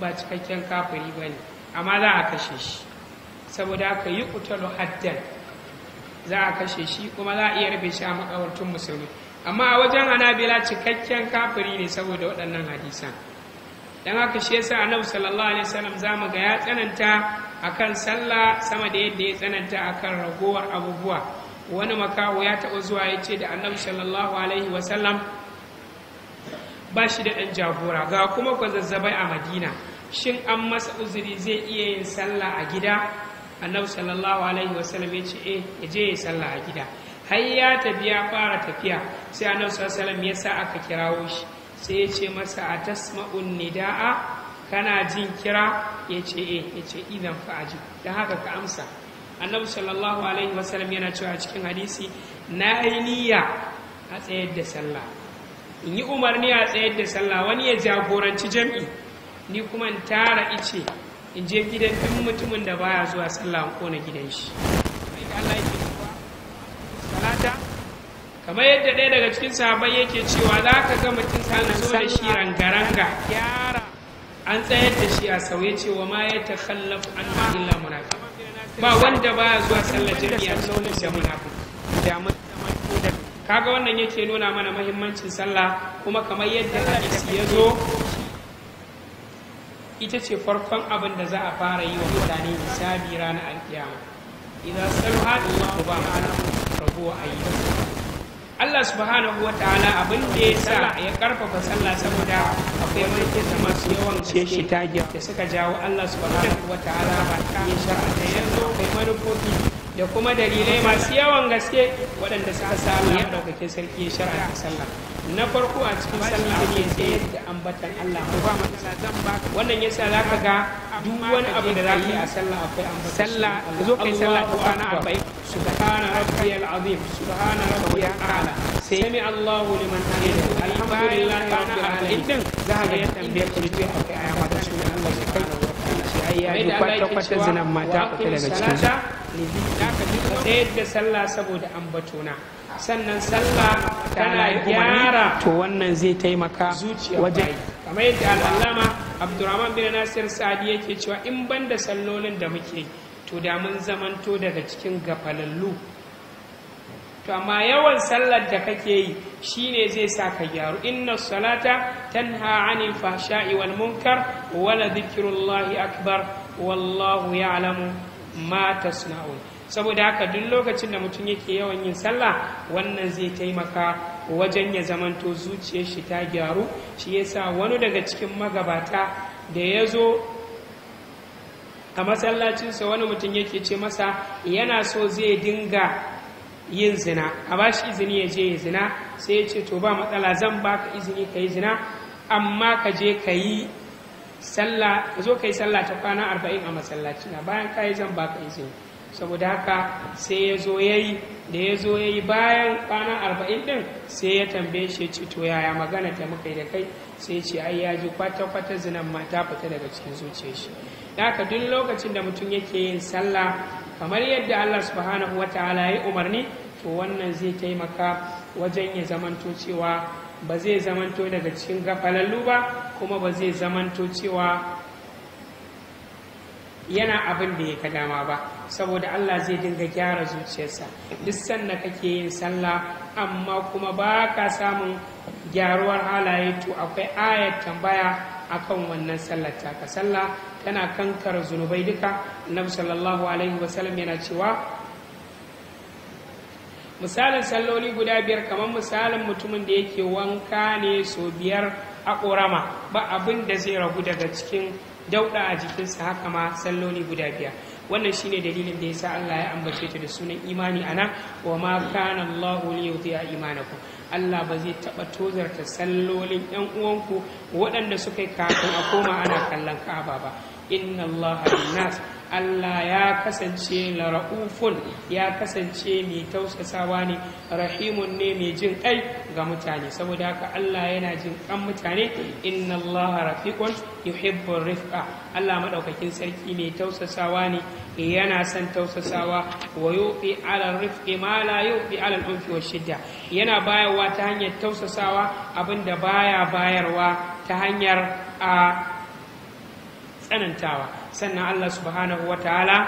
ba cikakken kafiri ba ne amma za a kashe shi saboda aka yi kutalo haddan za a kashe shi kuma za a iya rufe shi a makawartun musulmi amma a wajen anabila cikakken kafiri ne saboda waɗannan hadisan don haka shi yasa annabi sallallahu alaihi wasallam za mu ga ya tsananta akan sallah sama da yadda ya tsananta akan ragowar abubuwa wani makaho ya taɓa zuwa ya ce da annabi sallallahu alaihi wasallam ba shi da ɗan jagora ga kuma zazzabai a madina shin an masa uzuri zai iya yin sallah a gida annabi sallallahu alaihi wasallam ya ce eh, ya je ya sallah a gida har ya tafi ya fara tafiya sai annabi sallallahu alaihi wasallam ya sa aka kirawo shi sai ya ce masa a tasma'un nida'a kana jin kira ya ce e ya ce idan don haka ka amsa annabi sallallahu alaihi wasallam yana cewa a cikin hadisi na yi niyya a tsayar da sallah in yi umarni a tsayar da sallah wani ya jagoranci jam'i ni kuma in tara ice in je gidan duk mutumin da baya zuwa sallah an kona gidan shi kamar yadda ɗaya daga cikin sahabai yake cewa za ka ga mutum sa zo da shi rangaranga gyara an tsayar da shi a sauye cewa ma ya ta kallafu an ma'ila lamuna ba wanda ba ya zuwa sallar jami'a cikin da munafi kaga wannan yake nuna mana mahimmancin sallah kuma kamar yadda hadisi ya zo ita ce farkon abin da za a fara yi wa mutane hisabi ranar alkiyama idan salha uba ba ma'ana rabuwa ayyuka Allah subhanahu wa ta'ala abin da ya sa ya karfafa sallah saboda akwai mulkinsa masu yawan shi da suka jawo Allah subhanahu wa ta'ala ba ta ya sha da yanzu kai manufofi da kuma dalilai masu yawan gaske waɗanda suka samu ya maɗaukakin sarki ya shara a sallah na farko a cikin sallah ya tsayar da ambatan Allah wannan yasa za ka ga duk wani abu da za ka yi a sallah akwai ambatan sallah zo kai sallah ta kwana arba'in subhana rabbiyal azim subhana rabbiyal a'la sai mi Allahu liman hamida alhamdulillahi rabbil alamin za ka ga yadda tambaye ku akwai aya mata Allah kai ya yi kwato kwata zinan mata uku daga cikin su tsayar da sallah saboda ambatona sannan sallah tana gyara to wannan zai taimaka wajen kamar yadda al'allama abdurrahman bin nasir sa'adi yake cewa in ban da sallolin da muke to da mun zamanto daga cikin gafalallu to amma yawan sallar da kake yi shine zai sa ka gyaru inna salata tanha anil fahsha'i wal munkar wala dhikrullahi akbar wallahu ya'lamu ma tasna'un saboda haka duk lokacin da mutum yake yawan yin sallah wannan zai taimaka wajen ya zamanto zuciyar shi ta gyaru shi yasa wani daga cikin magabata da ya zo a masallacinsa wani mutum yake ce masa yana so zai dinga yin zina a ba shi izini ya je ya zina sai ya ce to ba matsala zan ba ka izini ka yi zina amma ka je ka yi sallah ka zo ka yi sallah ta kwana arba'in a masallaci na bayan ka yi zan ba ka izini saboda haka sai ya zo ya yi da ya zo ya yi bayan kwana arba'in din sai ya tambaye shi ce to yaya magana ta muka yi da kai sai ce ai ya ji kwata-kwata zinan ma ta fita daga cikin zuciyar shi da haka duk lokacin da mutum yake yin sallah kamar yadda Allah subhanahu ta'ala ya umarni to wannan zai taimaka wajen ya zamanto cewa ba zai zamanto daga cikin gafalallu ba kuma ba zai zamanto cewa yana abin da ya ka dama ba saboda Allah zai dinga gyara zuciyarsa duk sanda kake yin sallah amma kuma ba ka samun gyaruwar halaye to akwai ayat tambaya akan wannan sallar taka sallah tana kankar zunubai duka annabi sallallahu alaihi wasallam yana cewa misalin salloli guda biyar kamar misalin mutumin da yake wanka ne so biyar a ƙorama ba abin da zai ragu daga cikin dauɗa a jikinsa haka ma salloli guda biyar wannan shine dalilin da yasa Allah ya ambace ta da sunan imani ana wa ma kana Allah li yudhi'a imanakum Allah ba zai taba tozarta sallolin yan uwanku waɗanda suka yi kafin a koma ana kallon Ka'aba ba inna Allah nas Allah ya kasance lara'ufun ya kasance mai tausasawa ne rahimun ne mai jin kai ga mutane saboda haka Allah yana jin kan mutane inna Allah rafiqun yuhibbur rifqa Allah madaukakin sarki mai tausasawa ne yana son tausasawa wa yufi ala rifqi ma la yufi ala al-unfi shidda yana bayarwa ta hanyar tausasawa abinda baya bayarwa ta hanyar a tsanantawa sannan Allah subhanahu ta'ala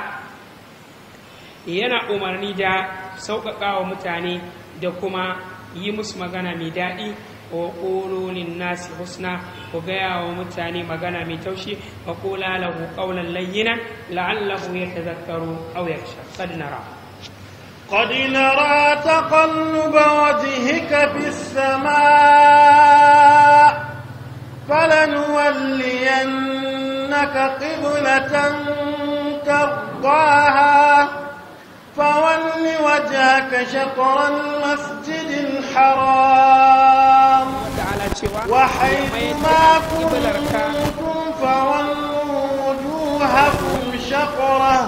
yana umarni da sauƙaƙa wa mutane da kuma yi musu magana mai daɗi wa ƙololin nasi husna ku gaya wa mutane magana mai taushi wa ƙola lahu ƙaunar layyina la'allahu ya tazakkaru aw yakhsha qad nara قد نرى تقلب وجهك في السماء فلنولين إنك قبلة ترضاها فول وجهك شطر المسجد الحرام وحيث ما كنتم فولوا وجوهكم شطره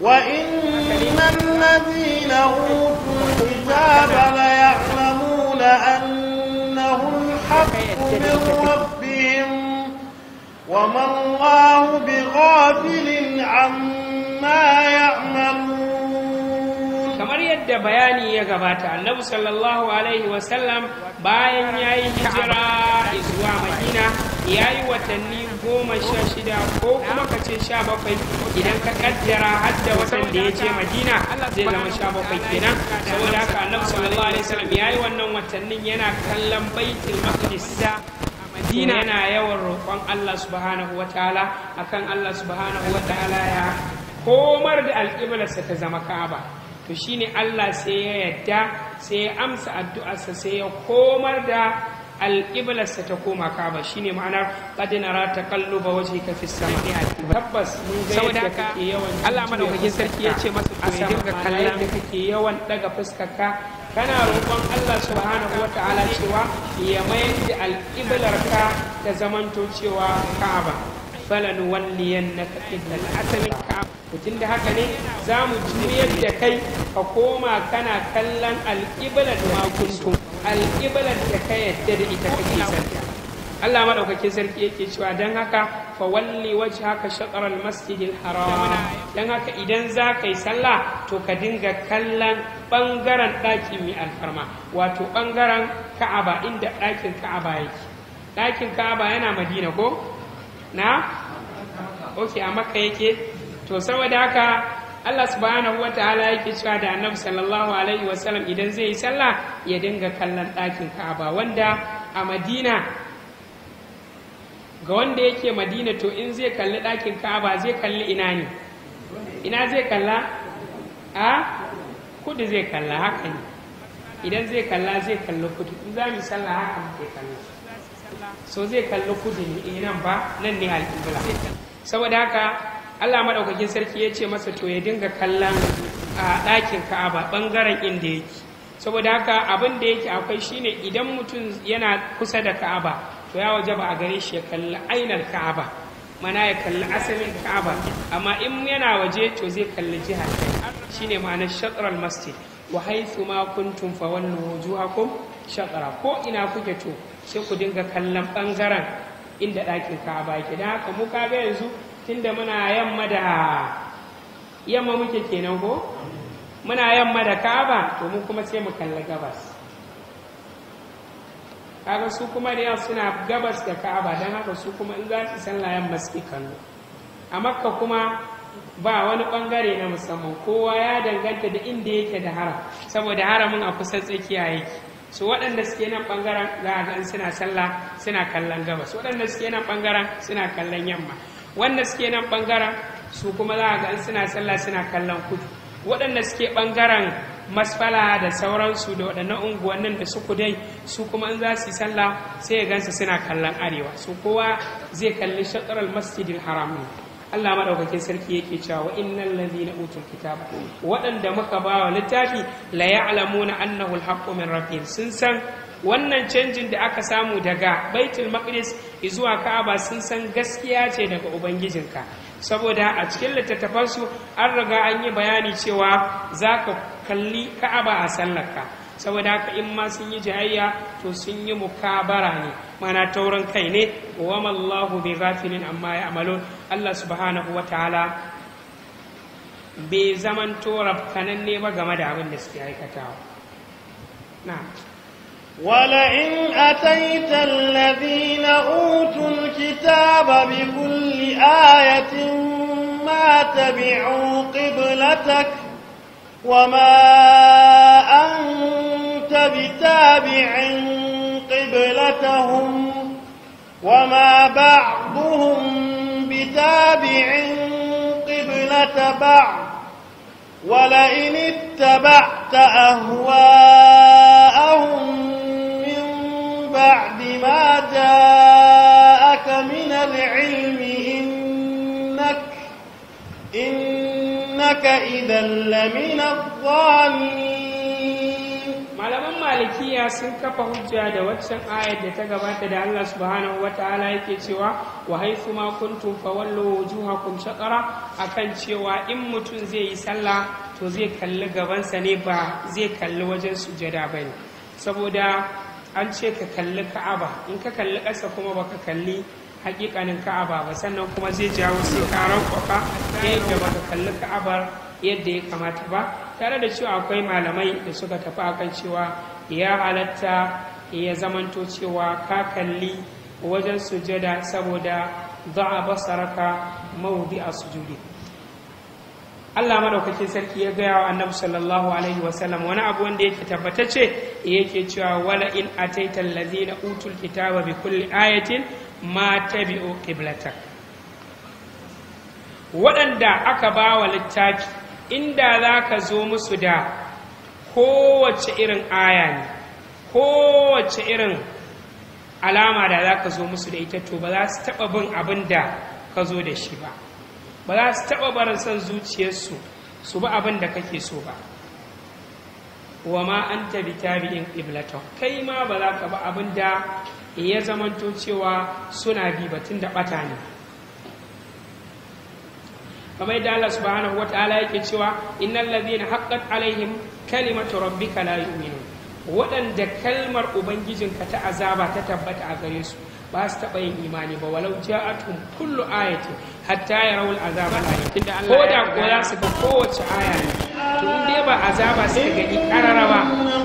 وإن الذين أوتوا الكتاب ليعلمون أنه الحق من ربهم وما الله بغافل عما يعملون kamar yadda bayani ya gabata annabi sallallahu alaihi wasallam bayan ya yi hijira zuwa madina ya yi watanni goma sha shida ko kuma ka ce sha bakwai idan ka kaddara har da watan da ya ce madina zai zama sha bakwai kenan saboda haka annabi sallallahu alaihi wasallam ya yi wannan watannin yana kallon baitul maqdis yana yawan roƙon Allah subhanahu wataala akan Allah subhanahu wataala ya komar da alƙiblarsa ta zama ka'aba to shine Allah sai ya yadda sai ya amsa addu'arsa sai ya komar da alƙiblarsa ta koma kaba shine ma'anar qad nara taqalluba wajhika fis sama'i tabbas mun ga yadda kake yawan Allah madaukakin sarki ya ce masa a dinga kallon da kake yawan daga fuskarka kana roƙon Allah subhanahu ta'ala cewa ya mayar da alƙiblarka ta zamanto cewa ka'aba falan walliyan na kaɗin asalin ka mutum da haka ne za mu juyar da kai ka koma kana kallon alƙiblar makuntun alƙiblar da ka yadda da ita kake santa Allah sarki yake cewa don haka fa walli waje haka shatar almasjidil haram don haka idan za ka yi sallah to ka dinga kallon ɓangaren ɗakin mai alfarma wato ɓangaren ka'aba inda ɗakin ka'aba yake ɗakin ka'aba yana madina ko na ok a maka yake to saboda haka Allah subhanahu wataala yake cewa da Annabi sallallahu alaihi wasallam idan zai yi sallah ya dinga kallon ɗakin Ka'aba wanda a Madina ga wanda yake Madina to in zai kalli ɗakin Ka'aba zai kalli ina ne ina zai kalla a kudu zai kalla haka ne idan zai kalla zai kalli kudu in za mu sallah haka muke kalla. so zai kalli kudu ne eh, nan ba nan ne alƙibla saboda haka Allah maɗaukakin sarki ya ce masa to ya dinga kallon a ɗakin ka'aba ɓangaren inda yake saboda haka abin da yake akwai shine idan mutum yana kusa da ka'aba to ya waje ba a gare shi ya kalli ainar ka'aba mana ya kalli asalin ka'aba amma in yana waje to zai kalli jihar shine ma'anar shatral masjid wa haythu ma kuntum wallu wujuhakum shaqara ko ina kuke to sai ku dinga kallon bangaren inda ɗakin ka'aba yake dan haka mu kaga yanzu tunda muna yamma da yamma muke kenan ko muna yamma da kaba to mu kuma sai mu kalli gabas kaga su kuma da suna gabas da kaba don haka su kuma in za su san yamma suke kallo a makka kuma ba wani bangare na musamman kowa ya danganta da inda yake da haram saboda haramin a kusa tsakiya yake su waɗanda suke nan ɓangaren za a suna sallah suna kallon gabas waɗanda suke nan bangaren suna kallon yamma wanda suke nan bangaren su kuma za a ga suna sallah suna kallon kudu waɗanda suke ɓangaren masfala da sauransu da waɗannan unguwannin da suku dai su kuma in za su yi sallah sai ya gansu suna kallon arewa su kowa zai kalli shakarar masjidin haram ne Allah madaukakin sarki yake cewa wa innal ladina utul kitaba waɗanda muka ba littafi la ya'lamuna annahu al-haqqu min rabbihim sun san wannan canjin da aka samu daga baitul maqdis zuwa ka'aba sun san gaskiya ce daga ubangijinka saboda a cikin littattafansu an riga an yi bayani cewa za ka kalli ka'aba a sallarka saboda haka in ma sun yi jayayya to sun yi mukabara ne mana taurin kai ne wa mallahu bi ghafilin amma ya amalo Allah subhanahu wa ta'ala bai zaman torab ne ba game da abin da suke aikatawa na'am ولئن أتيت الذين أوتوا الكتاب بكل آية ما تبعوا قبلتك وما أنت بتابع قبلتهم وما بعضهم بتابع قبلة بعض ولئن اتبعت أهواءهم بعد ما جاءك من العلم إنك إنك إذا لمن الظالمين malaman malikiya sun kafa hujja da waccan ayar da ta gabata da Allah (Wata wataala yake cewa wa haifu ma kuntum fawallu wujuhakum shaqara akan cewa in mutum zai yi sallah to zai kalli gabansa ne ba zai kalli wajen sujada bane saboda an ce ka kalli ka'aba in ka kalli ƙasa kuma baka kalli hakikanin ka'aba ba sannan kuma zai jawo sai ka rankwafa yadda baka kalli ka'abar yadda ya kamata ba tare da cewa akwai malamai da suka tafi akan cewa ya halatta ya zamanto cewa ka kalli wajen sujada saboda za'a basaraka mawdi a sujudi Allah madaukakin sarki ya gaya wa annabi sallallahu alaihi wasallam wani abu wanda yake tabbatacce yake cewa wala in ataita allazina utul kitaba bi kulli ayatin ma tabi'u qiblatak waɗanda aka ba wa littafi inda za ka zo musu da kowace irin aya ne kowace irin alama da za ka zo musu da ita to ba za su taɓa bin abin da ka zo da shi ba ba za su taɓa barin son zuciyarsu su ba abin da kake so ba wa ma an tabi tabi'in iblato kai ma ba za ka ba abin da ya zamanto cewa suna bi batun da ɓata ne kamar yadda Allah subhanahu wa ta'ala yake cewa innal ladhina haqqat alaihim kalimatu rabbika la yu'minun waɗanda kalmar ubangijinka ta azaba ta tabbata a gare su ba su taɓa yin imani ba walau ja'atuhum kullu ayatin hatta yarawul azaba alamin ko da ko za su ga kowace aya ne to in dai ba azaba su gani karara ba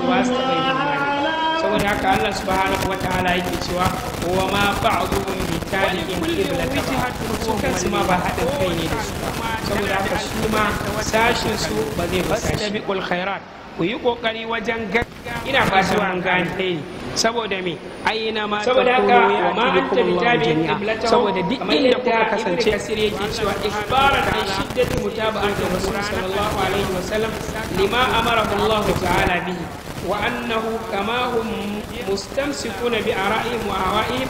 ba su taɓa yin imani saboda haka Allah subhanahu wataala yake cewa wa ma ba'dhum bi taliqin qiblatan su kansu ma ba haɗin kai ne da su ba saboda haka su ma sashin su ba zai fasashi ku yi kokari wajen gaggawa ina fasuwa an gane ne saboda me ayyana ma saboda haka wa ma anta bitabi'in qiblatahu saboda duk inda kuka kasance kasir yake cewa ikbaran ta shiddatu mutaba'ati rasul sallallahu alaihi wasallam lima amara Allah ta'ala bihi وأنه كما هم مستمسكون بآرائهم وأهوائهم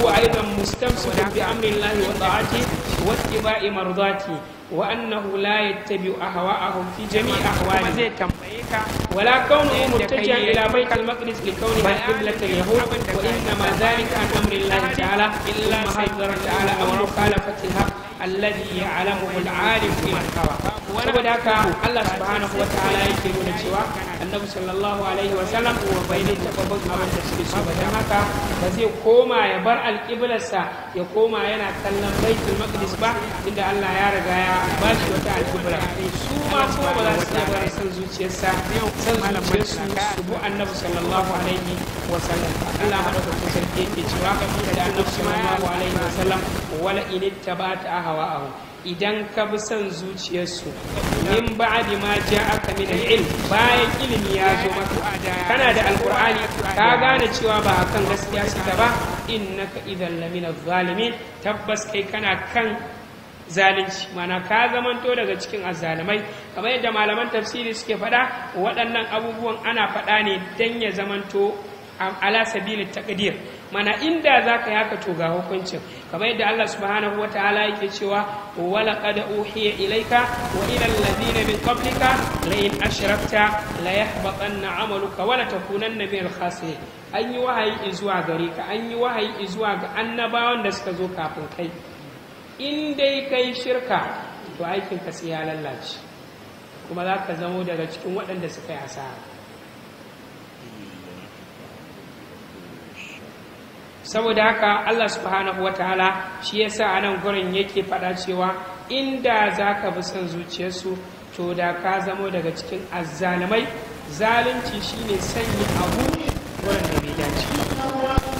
هو أيضا مستمسك بأمر الله وطاعته واتباع مرضاته وأنه لا يتبع أهواءهم في جميع أحواله ولا كونه متجها إلى بيت المقدس لكونها قبلة اليهود وإنما ذلك عن أمر الله تعالى إلا ما حذر تعالى أو مخالفة الحق الذي يعلمه العالم في الهوى saboda haka Allah subhanahu wa ta'ala yake nuna cewa annabi sallallahu alaihi wa sallam wa bai ne taba bin abin da suke so ba dan haka ba zai koma ya bar alƙiblarsa ya koma yana kallon baitul maqdis ba inda Allah ya riga ya ba shi wata alƙibla su ma ko ba za su iya bar san zuciyarsa san zuciyarsu su bu annabi sallallahu alaihi wa sallam Allah madaukakin sarki yake cewa da annabi sallallahu alaihi wa sallam wala in ittaba'ta ahwa'ahum idan ka bi son zuciyarsu min ba'di ma ja'aka min ilm bayan ilimi ya zo maka kana da alkur'ani ka gane cewa ba a kan gaskiya suka ba innaka idan lamina zalimin tabbas kai kana kan zalunci mana ka zamanto daga cikin azalimai. kamar yadda malaman tafsiri suke faɗa waɗannan abubuwan ana faɗa ne don ya zamanto ala sabilit takdir mana inda za ka yaka to ga hukuncin kamar yadda Allah subhanahu wa ta'ala yake cewa wala qad uhiya ilayka wa ila alladhina min qablika la in ashrakta la yahbatanna amaluka wa la takunanna min al-khasirin an yi wahayi izuwa gare ka an yi wahayi izuwa ga annabawan da suka zo kafin kai in dai kai shirka to aikin ka sai ya lalace kuma za ka zamo daga cikin waɗanda suka yi asara saboda haka Allah subhanahu ta'ala shi yasa a nan gurin yake faɗa cewa inda za ka bi son zuciyarsu to da ka zamo daga cikin azzalumai zalunci shi shine sanya abu wurin da bai dace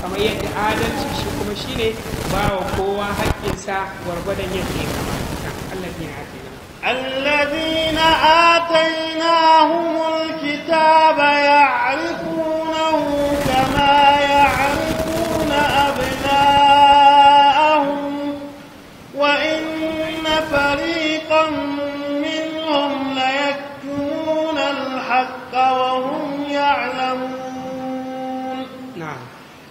kamar yadda adalci shi kuma shi ne ba wa kowa haƙƙinsa gwargwadon yadda ya kamata Allah ya haka الذين آتيناهم الكتاب يعرفونه الحق وهم يعلمون نعم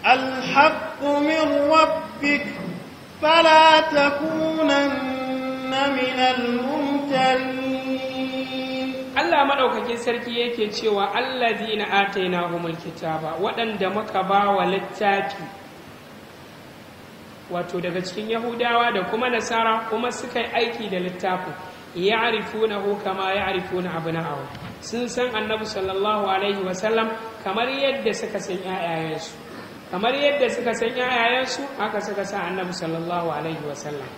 الحق من ربك فلا تكونن من الممترين Allah maɗaukakin sarki yake cewa allazina atainahumul kitaba waɗanda muka ba wa littafi wato daga cikin yahudawa da kuma nasara kuma suka yi aiki da littafin ya'rifunahu kama ya'rifuna abna'ahum sun san annabi sallallahu alaihi wasallam kamar yadda suka san ƴaƴayensu kamar yadda suka san ƴaƴayensu haka suka san annabi sallallahu alaihi wasallam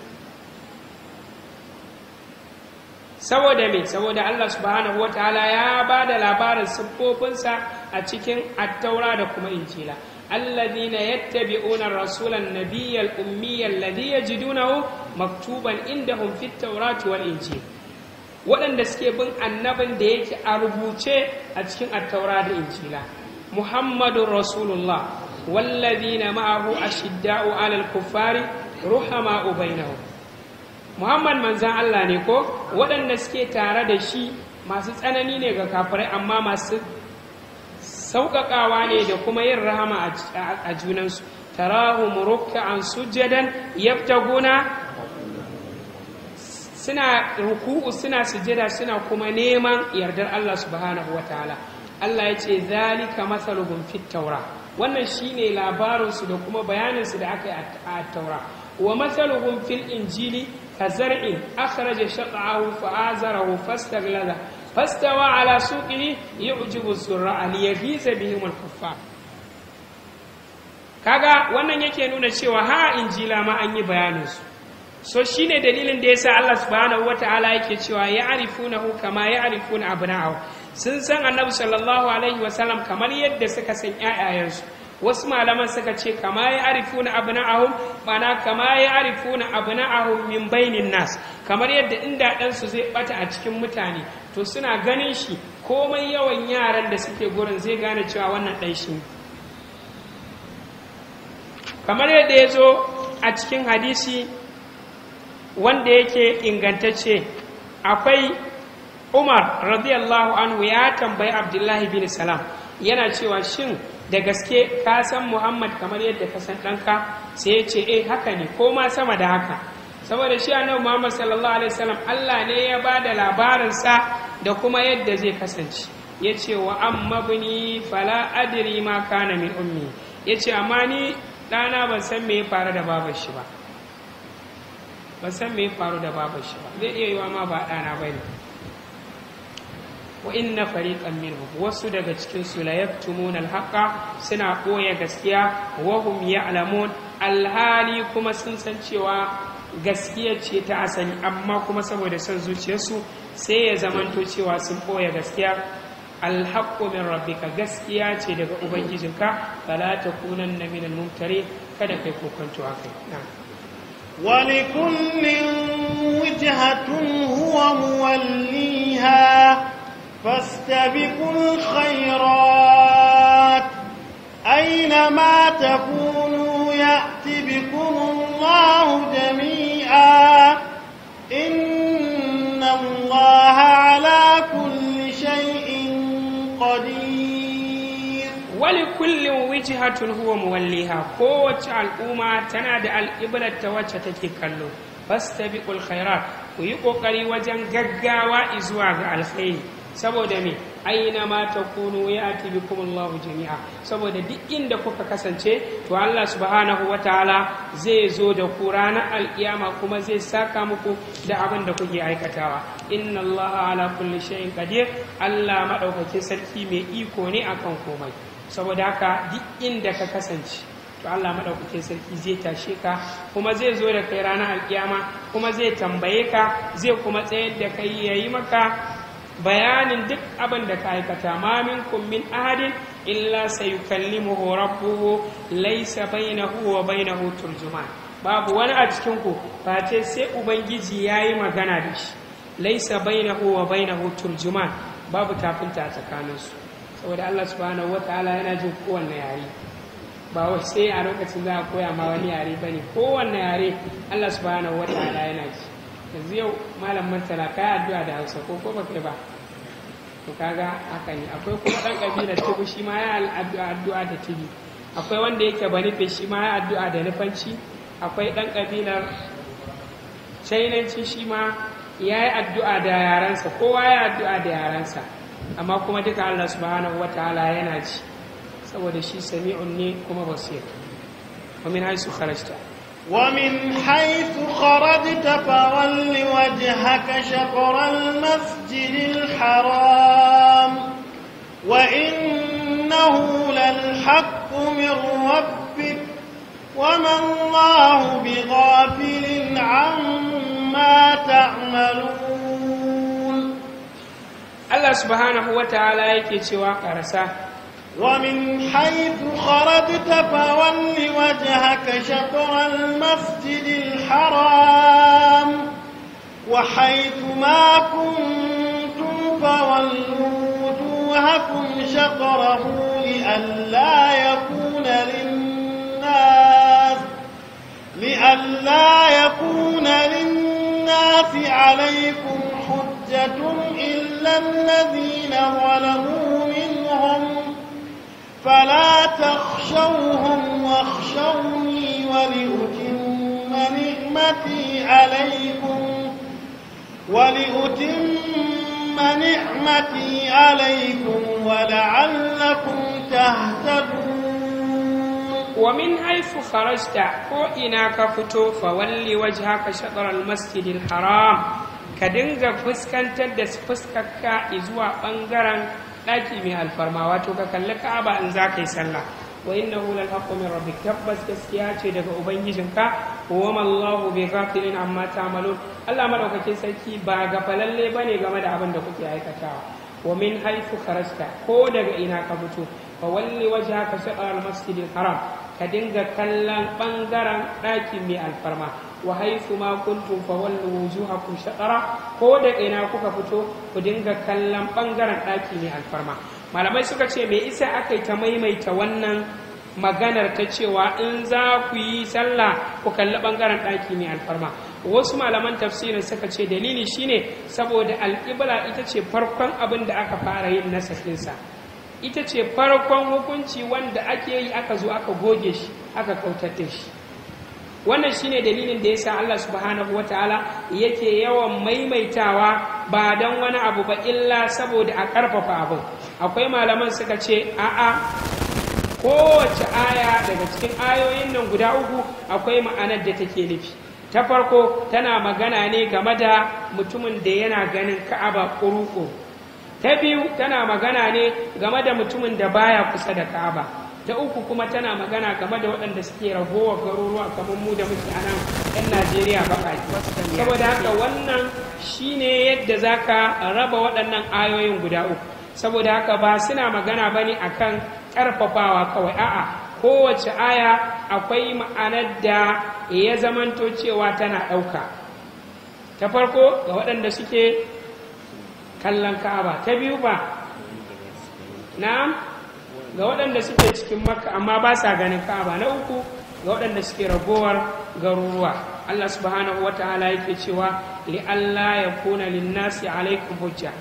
saboda me saboda Allah subhanahu wa ta'ala ya ba da labarin siffofinsa a cikin attaura da kuma injila alladhina yattabi'una rasulan nabiyyal ummiyal ladhi yajidunahu maktuban indahum fit tawrati wal waɗanda suke bin annabin da yake a rubuce a cikin attaura da injila muhammadun rasulullah na ma'ahu ashidda'u 'alal ruhama ruhama'u bainahum muhammad manzan Allah ne ko waɗanda suke tare da shi masu tsanani ne ga kafirai amma masu sauƙaƙawa ne da kuma yin rahama a junansu tarahum ruk'an sujjadan yaftaguna suna ruku'u suna sujjada suna kuma neman yardar Allah subhanahu Allah ya ce zalika masaluhum fit taura wannan shine labarin su da kuma bayanin su da aka yi a taura wa masaluhum fil injili ka zar'in akhraja shat'ahu fa azarahu fastawa ala suqihi yu'jibu zurra liyahiza bihim kuffa. kaga wannan yake nuna cewa ha injila ma an yi bayanin su so shine dalilin da yasa Allah subhanahu wataala yake cewa ya ya'rifunahu kama na abna'ahu sun san annabi sallallahu alaihi wasallam kamar yadda suka san yayayansu wasu malaman suka ce kama ya arifuna abna'ahum mana kama ya arifuna abna'ahum min bainin nas kamar yadda inda ɗansu zai bata a cikin mutane to suna ganin shi komai yawan yaran da suke gurin zai gane cewa wannan ɗan shi kamar yadda ya zo a cikin hadisi wanda yake ingantacce akwai umar radiyallahu anhu ya tambayi abdullahi bin salam yana cewa shin da gaske ka san muhammad kamar yadda ka san ɗanka sai ya ce eh haka ne ko ma sama da haka saboda shi annabi muhammad sallallahu alaihi wasallam allah ne ya ba da labarinsa da kuma yadda zai kasance ya ce wa amma bini fala adiri ma kana min ummi ya ce amma ni ɗana ban san me ya faru da babar shi ba ban san me ya faru da babar shi ba zai iya yiwa ma ba ɗana ba ne wa inna fariqan minhum wasu daga cikin su la yaftumuna alhaqa suna boye gaskiya wa hum ya'lamun alhali kuma sun san cewa gaskiya ce ta asali amma kuma saboda son zuciyarsu sai ya zamanto cewa sun boye gaskiya alhaqqu min rabbika gaskiya ce daga ubangijinka fala takunanna min mumtari kada kai kokonto akai ولكل وجهة هو موليها فاستبقوا الخيرات أينما تكونوا يأت بكم الله جميعا إن الله على كل شيء قدير ولكل وجهة هو موليها قوة الأمة تنادى الإبلة وجهتك تتكلم فاستبقوا الخيرات ويقوا قري وجن قاوا إزواج الخير saboda me aina ma takunu bi kuma Allah jami'a saboda duk inda kuka kasance to Allah subhanahu wataala zai zo da ku ranar alkiyama kuma zai saka muku da abin da kuke aikatawa inna Allah ala kulli shay'in qadir Allah madaukakin sarki mai iko ne akan komai saboda haka duk inda ka kasance to Allah maɗaukakin sarki zai tashe ka kuma zai zo da kai ranar alkiyama kuma zai tambaye ka zai kuma tsayar da kai ya yi maka bayanin duk abin da ka aikata ma kun min ahadin illa sayukallimuhu rabbuhu laysa bainahu wa bainahu turjuman babu wani a cikin ku face sai ubangiji yayi magana da shi laysa bainahu wa bainahu turjuman babu tafinta a tsakaninsu saboda Allah subhanahu wataala yana jin kowanne yare ba wai sai a lokacin za a koya ma wani yare bane kowanne yare Allah subhanahu wataala yana ji yanzu yau malam mantala ka addu'a da hausa ko ko baka ba to kaga haka ne akwai kuma dan kabilar tibu shi ma ya addu'a da tibi akwai wanda yake fe shi ma ya addu'a da nufanci akwai dan kabilar chainanci shi ma ya yi addu'a da yarensa kowa ya addu'a da yarensa amma kuma duka allah subhanahu wataala yana ci saboda shi sami'un ne kuma basir ومن حيث خرجت ومن حيث خرجت فول وجهك شطر المسجد الحرام وإنه للحق من ربك وما الله بغافل عما تعملون الله سبحانه وتعالى يكي سواك رساه ومن حيث خرجت فول وجهك شطر المسجد الحرام وحيث ما كنتم فولوا وجوهكم شطره لئلا يكون للناس لئلا يكون للناس عليكم حجة إلا الذين ظلموا منهم فلا تخشوهم واخشوني ولأتم نعمتي عليكم ولأتم نعمتي عليكم ولعلكم تهتدون ومن حيث خرجت كوئناك فتو فولي وجهك شطر المسجد الحرام ka dinga fuskantar da fuskarka zuwa ɓangaren ɗaki mai alfarma wato ka kalli ka'aba in za ka yi sallah wa innahu lal haqqu min rabbik tabbas gaskiya ce daga ubangijinka wa ma Allahu bi ghafilin amma ta'malun Allah madaukakin sarki ba ga falalle bane game da abin da kuke aikatawa wa min haythu kharajta ko daga ina ka fito fa walli wajhaka shatr al masjid al haram ka dinga kallon bangaren ɗakin mai alfarma wa haifu ma kuntum fawallu wujuhakum shatara ko da ina kuka fito ku dinga kallon bangaren daki ne alfarma malamai suka ce me isa akai ta maimaita wannan maganar ta cewa in za ku yi sallah ku kalli bangaren daki ne alfarma wasu malaman tafsirin suka ce dalili shine saboda alƙibla ita ce farkon abin da aka fara yin sa ita ce farkon hukunci wanda ake yi aka zo aka goge shi aka da shi wannan shine dalilin da ya sa Allah subhanahu wataala yake yawan maimaitawa ba don wani abu ba illa saboda a ƙarfafa abin akwai malaman suka ce a'a kowace aya daga cikin ayoyin nan guda uku akwai ma'anar da take nufi ta farko tana magana ne game da mutumin da yana ganin ka'aba ƙuruƙu ta biyu tana magana ne game da mutumin da baya kusa da ka'aba ta uku kuma tana magana game da waɗanda suke ragowar garuruwa kamar mu da muke anan nan 'yan najeriya baƙaƙi saboda haka wannan shine yadda zaka raba waɗannan ayoyin guda uku saboda haka ba suna magana bane ne a ƙarfafawa kawai a'a kowace aya akwai ma'anar da ya zamanto cewa tana ɗauka ta farko ga waɗanda suke kallon ka'aba ta biyu ba na'am ga waɗanda suke cikin maka amma ba sa ganin ka'aba na uku ga waɗanda suke ragowar garuruwa Allah subhanahu wa ta'ala yake cewa li Allah ya kuna linnasi alaikum hujja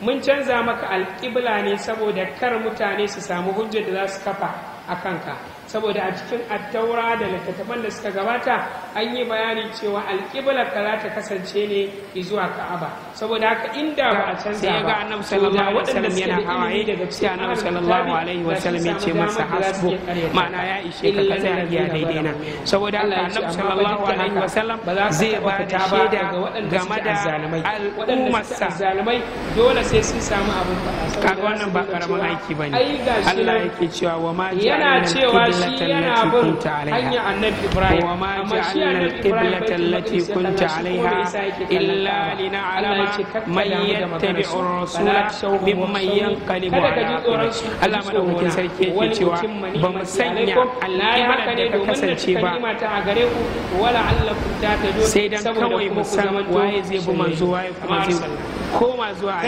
mun canza maka alƙibla ne saboda kar mutane su samu hujjar da za su kafa a kanka saboda a cikin attaura da littattafan da suka gabata an yi bayani cewa alƙiblar ta za ta kasance ne zuwa ka'aba saboda haka inda a canza ba ga annabi sallallahu alaihi wasallam yana hawaye daga cikin annabi sallallahu alaihi wasallam ya ce masa hasbu ma'ana ya ishe ka ka tsaya daidai na saboda haka annabi sallallahu alaihi wasallam zai ba da shaida game da al'ummarsa dole sai sun samu abin faɗa kaga wannan ba karamin aiki bane Allah yake cewa wa ma yana cewa القبلة التي كنت عليها وما جعلنا التي كنت عليها لنعلم من يتبع الرسول ممن ينقلب على عقبه sanya al'amarin kasance ba sai dan kawai mu san waye zai bi manzo waye kuma zai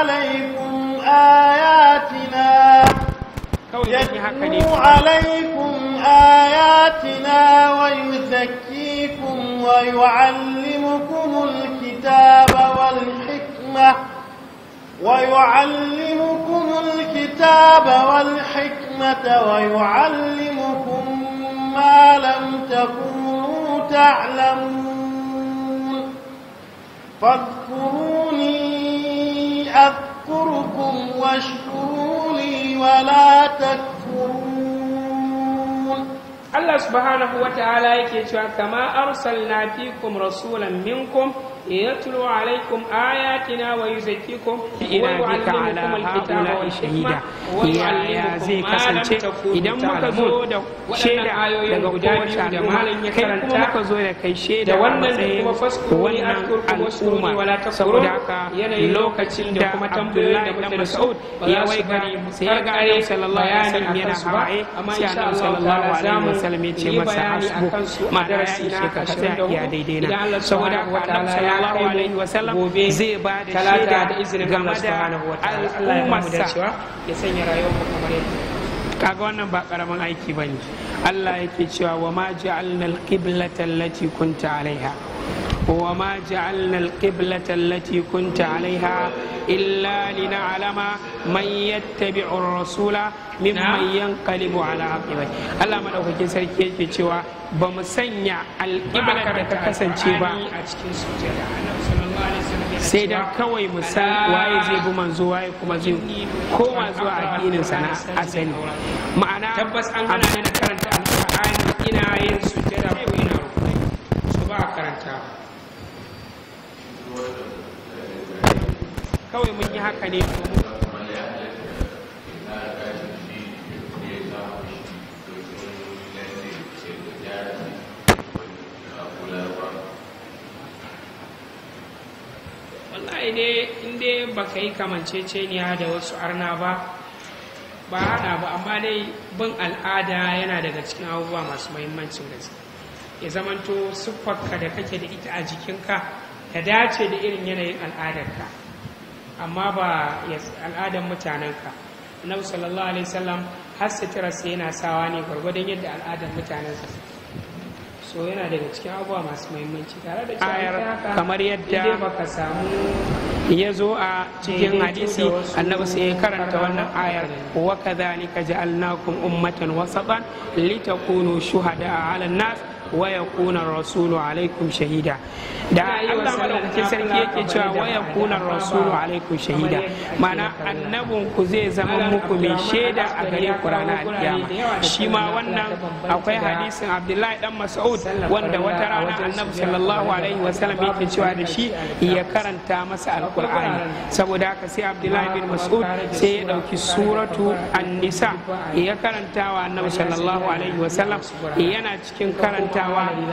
عليكم آياتنا يتلو عليكم آياتنا ويزكيكم ويعلمكم الكتاب والحكمة ويعلمكم الكتاب والحكمة ويعلمكم ما لم تكونوا تعلمون فاذكرون أذكركم واشكروا لي ولا تكفرون الله سبحانه وتعالى يكي كما أرسلنا فيكم رسولا منكم يتلو عليكم آياتنا ويزكيكم ويعلمكم الكتاب والحكمة ويعلمكم ما لم تكونوا تعلمون شيدا daga kowace al'umma kai kuma ka zo da kai shaida a wannan al'umma saboda haka lokacin da kuma Abdullahi dan Mas'ud ya waiga sai ya ga Annabi sallallahu alaihi wasallam yana hawaye sai Annabi sallallahu alaihi wasallam ya ce masa asbu ma darasi shi ka tsaya iya daidai na saboda haka Annabi sallallahu alaihi wa wasallam zai ba da shaida da izinin Allah subhanahu wa ta'ala Allah ya mu dacewa ya sanya rayuwar mu kamar yadda kaga wannan ba karamin aiki bane Allah yake cewa wa ma ja'alnal al-qiblata allati kunta alaiha وما جعلنا القبلة التي كنت عليها إلا لنعلم من يتبع الرسول ممن ينقلب على عقبيه الله مدaukakin sarki yake cewa ba mu sanya alƙiblar da ta kasance ba sai dan kawai mu san waye zai bi manzo waye kuma zai koma zuwa addinin sana asali ma'ana tabbas an hana ni karanta alƙur'ani ina yin sujada ko kawai mun yi haka ne domin wallahi ne inda ba ka yi kamanceceniya da wasu arna ba ba hana ba amma dai bin al'ada yana daga cikin abubuwa masu mahimmancin gaske ya zamanto siffarka da kake da ita a jikinka ta dace da irin yanayin al'adarka amma ba al'adar mutanenka annabi sallallahu alaihi wasallam har sai yana sawa ne gwargwadon yadda al'adar mutanensa so yana daga cikin abubuwa masu muhimmanci tare da cewa kamar yadda ka samu ya zo a cikin hadisi annabi sai ya karanta wannan ayar wa kadhalika ja'alnakum ummatan wasatan litakunu shuhada 'ala an-nas waya kunan rasulu alaikum shahida da Allah madaukakin sarki yake cewa waya kunan rasulu alaikum shahida mana annabin ku zai zama muku mai shaida a gare ku rana alkiyama shi ma wannan akwai hadisin Abdullahi dan Mas'ud wanda wata rana annabi sallallahu alaihi sallam yake cewa da shi ya karanta masa alkur'ani saboda haka sai Abdullahi bin Mas'ud sai ya dauki suratu an-nisa ya karanta wa annabi sallallahu alaihi sallam yana cikin karanta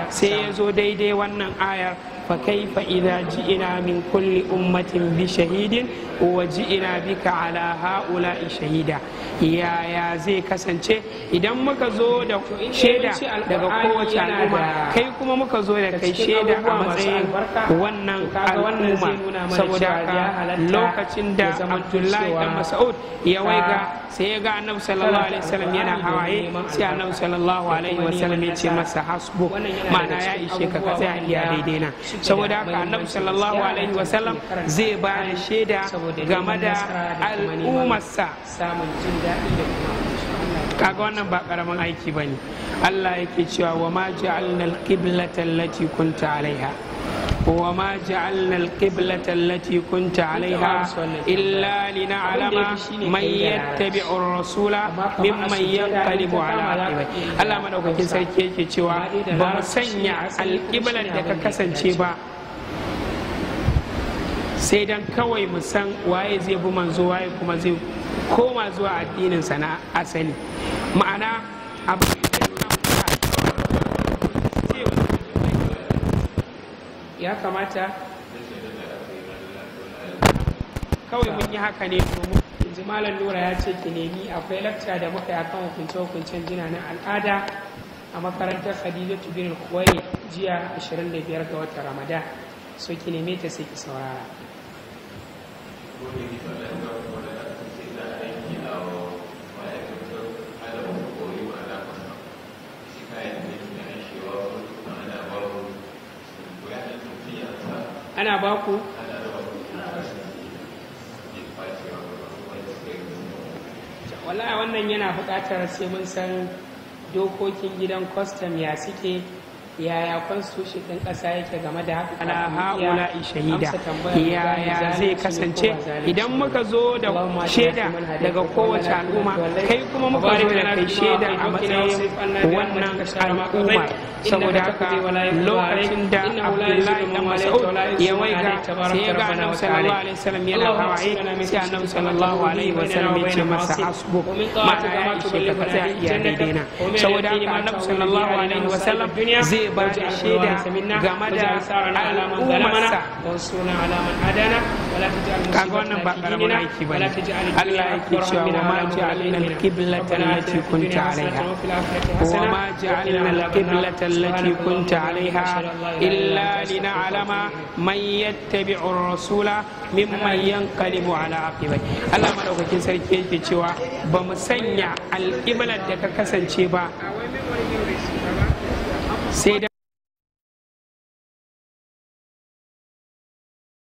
sai ya zo daidai wannan ayar fa kaifa idza ji'ina min kulli ummatin bi shahidin wa ji'ina bika ala haula shahida yaya zai kasance idan muka zo da shaida daga kowace al'umma kai kuma muka zo da kai shaida a matsayin wannan al'umma saboda lokacin da Abdullahi dan Mas'ud ya waiga sai ya ga annabi sallallahu alaihi wasallam yana hawaye sai annabi sallallahu alaihi wasallam ya ce masa hasbu ma'ana ya ishe ka ka tsaya iya daidai na saboda haka annabi sallallahu alaihi wasallam zai ba da shaida game da al'ummarsa samun jin daɗi da kuma kaga wannan ba karamin aiki bane Allah yake cewa wa ma ja'alna al-qiblata allati kunta alaiha وما جعلنا القبلة التي كنت عليها إلا لنعلم من يتبع الرسول ممن ينقلب على عقبه الله من أوكي سيكي كيشوا برسنع القبلة لككسن شبا sai dan kawai mu san waye zai bi manzo waye kuma zai koma zuwa addinin sana ya kamata kawai mun yi haka ne domin yanzu malam lura ya ce ki nemi akwai lacca da muka yi akan hukunce hukuncen jina na al'ada a makarantar khadijatu tubirin kuwai jiya 25 ga watan ramadan so ki neme ta sai ki saurara ana ba ku wallahi wannan yana buƙatar sai mun san dokokin gidan kwastam ya suke yaya constitution din kasa yake game da haka ala haula shahida yaya zai kasance idan muka zo da shaida daga kowace al'umma kai kuma muka zo da kai a matsayin wannan al'umma saboda haka lokacin da abdullahi da mas'ud ya waiga sai ya ga annabi sallallahu alaihi wasallam yana hawaye sai annabi sallallahu alaihi wasallam ya ce masa asbu ma'ana ya ishe ka daidai saboda haka annabi sallallahu alaihi wasallam zai zai ba da shaida game da al'ummarsa kaga wannan ba karamin aiki ba ne Allah yake cewa wa ma kunta wa ma ja'alna al-qiblata allati kunta alaiha illa lina'lama man yattabi'u ar-rasula mimman yanqalibu ala aqibai Allah madaukakin sarki yake cewa ba mu sanya al da ka kasance ba Say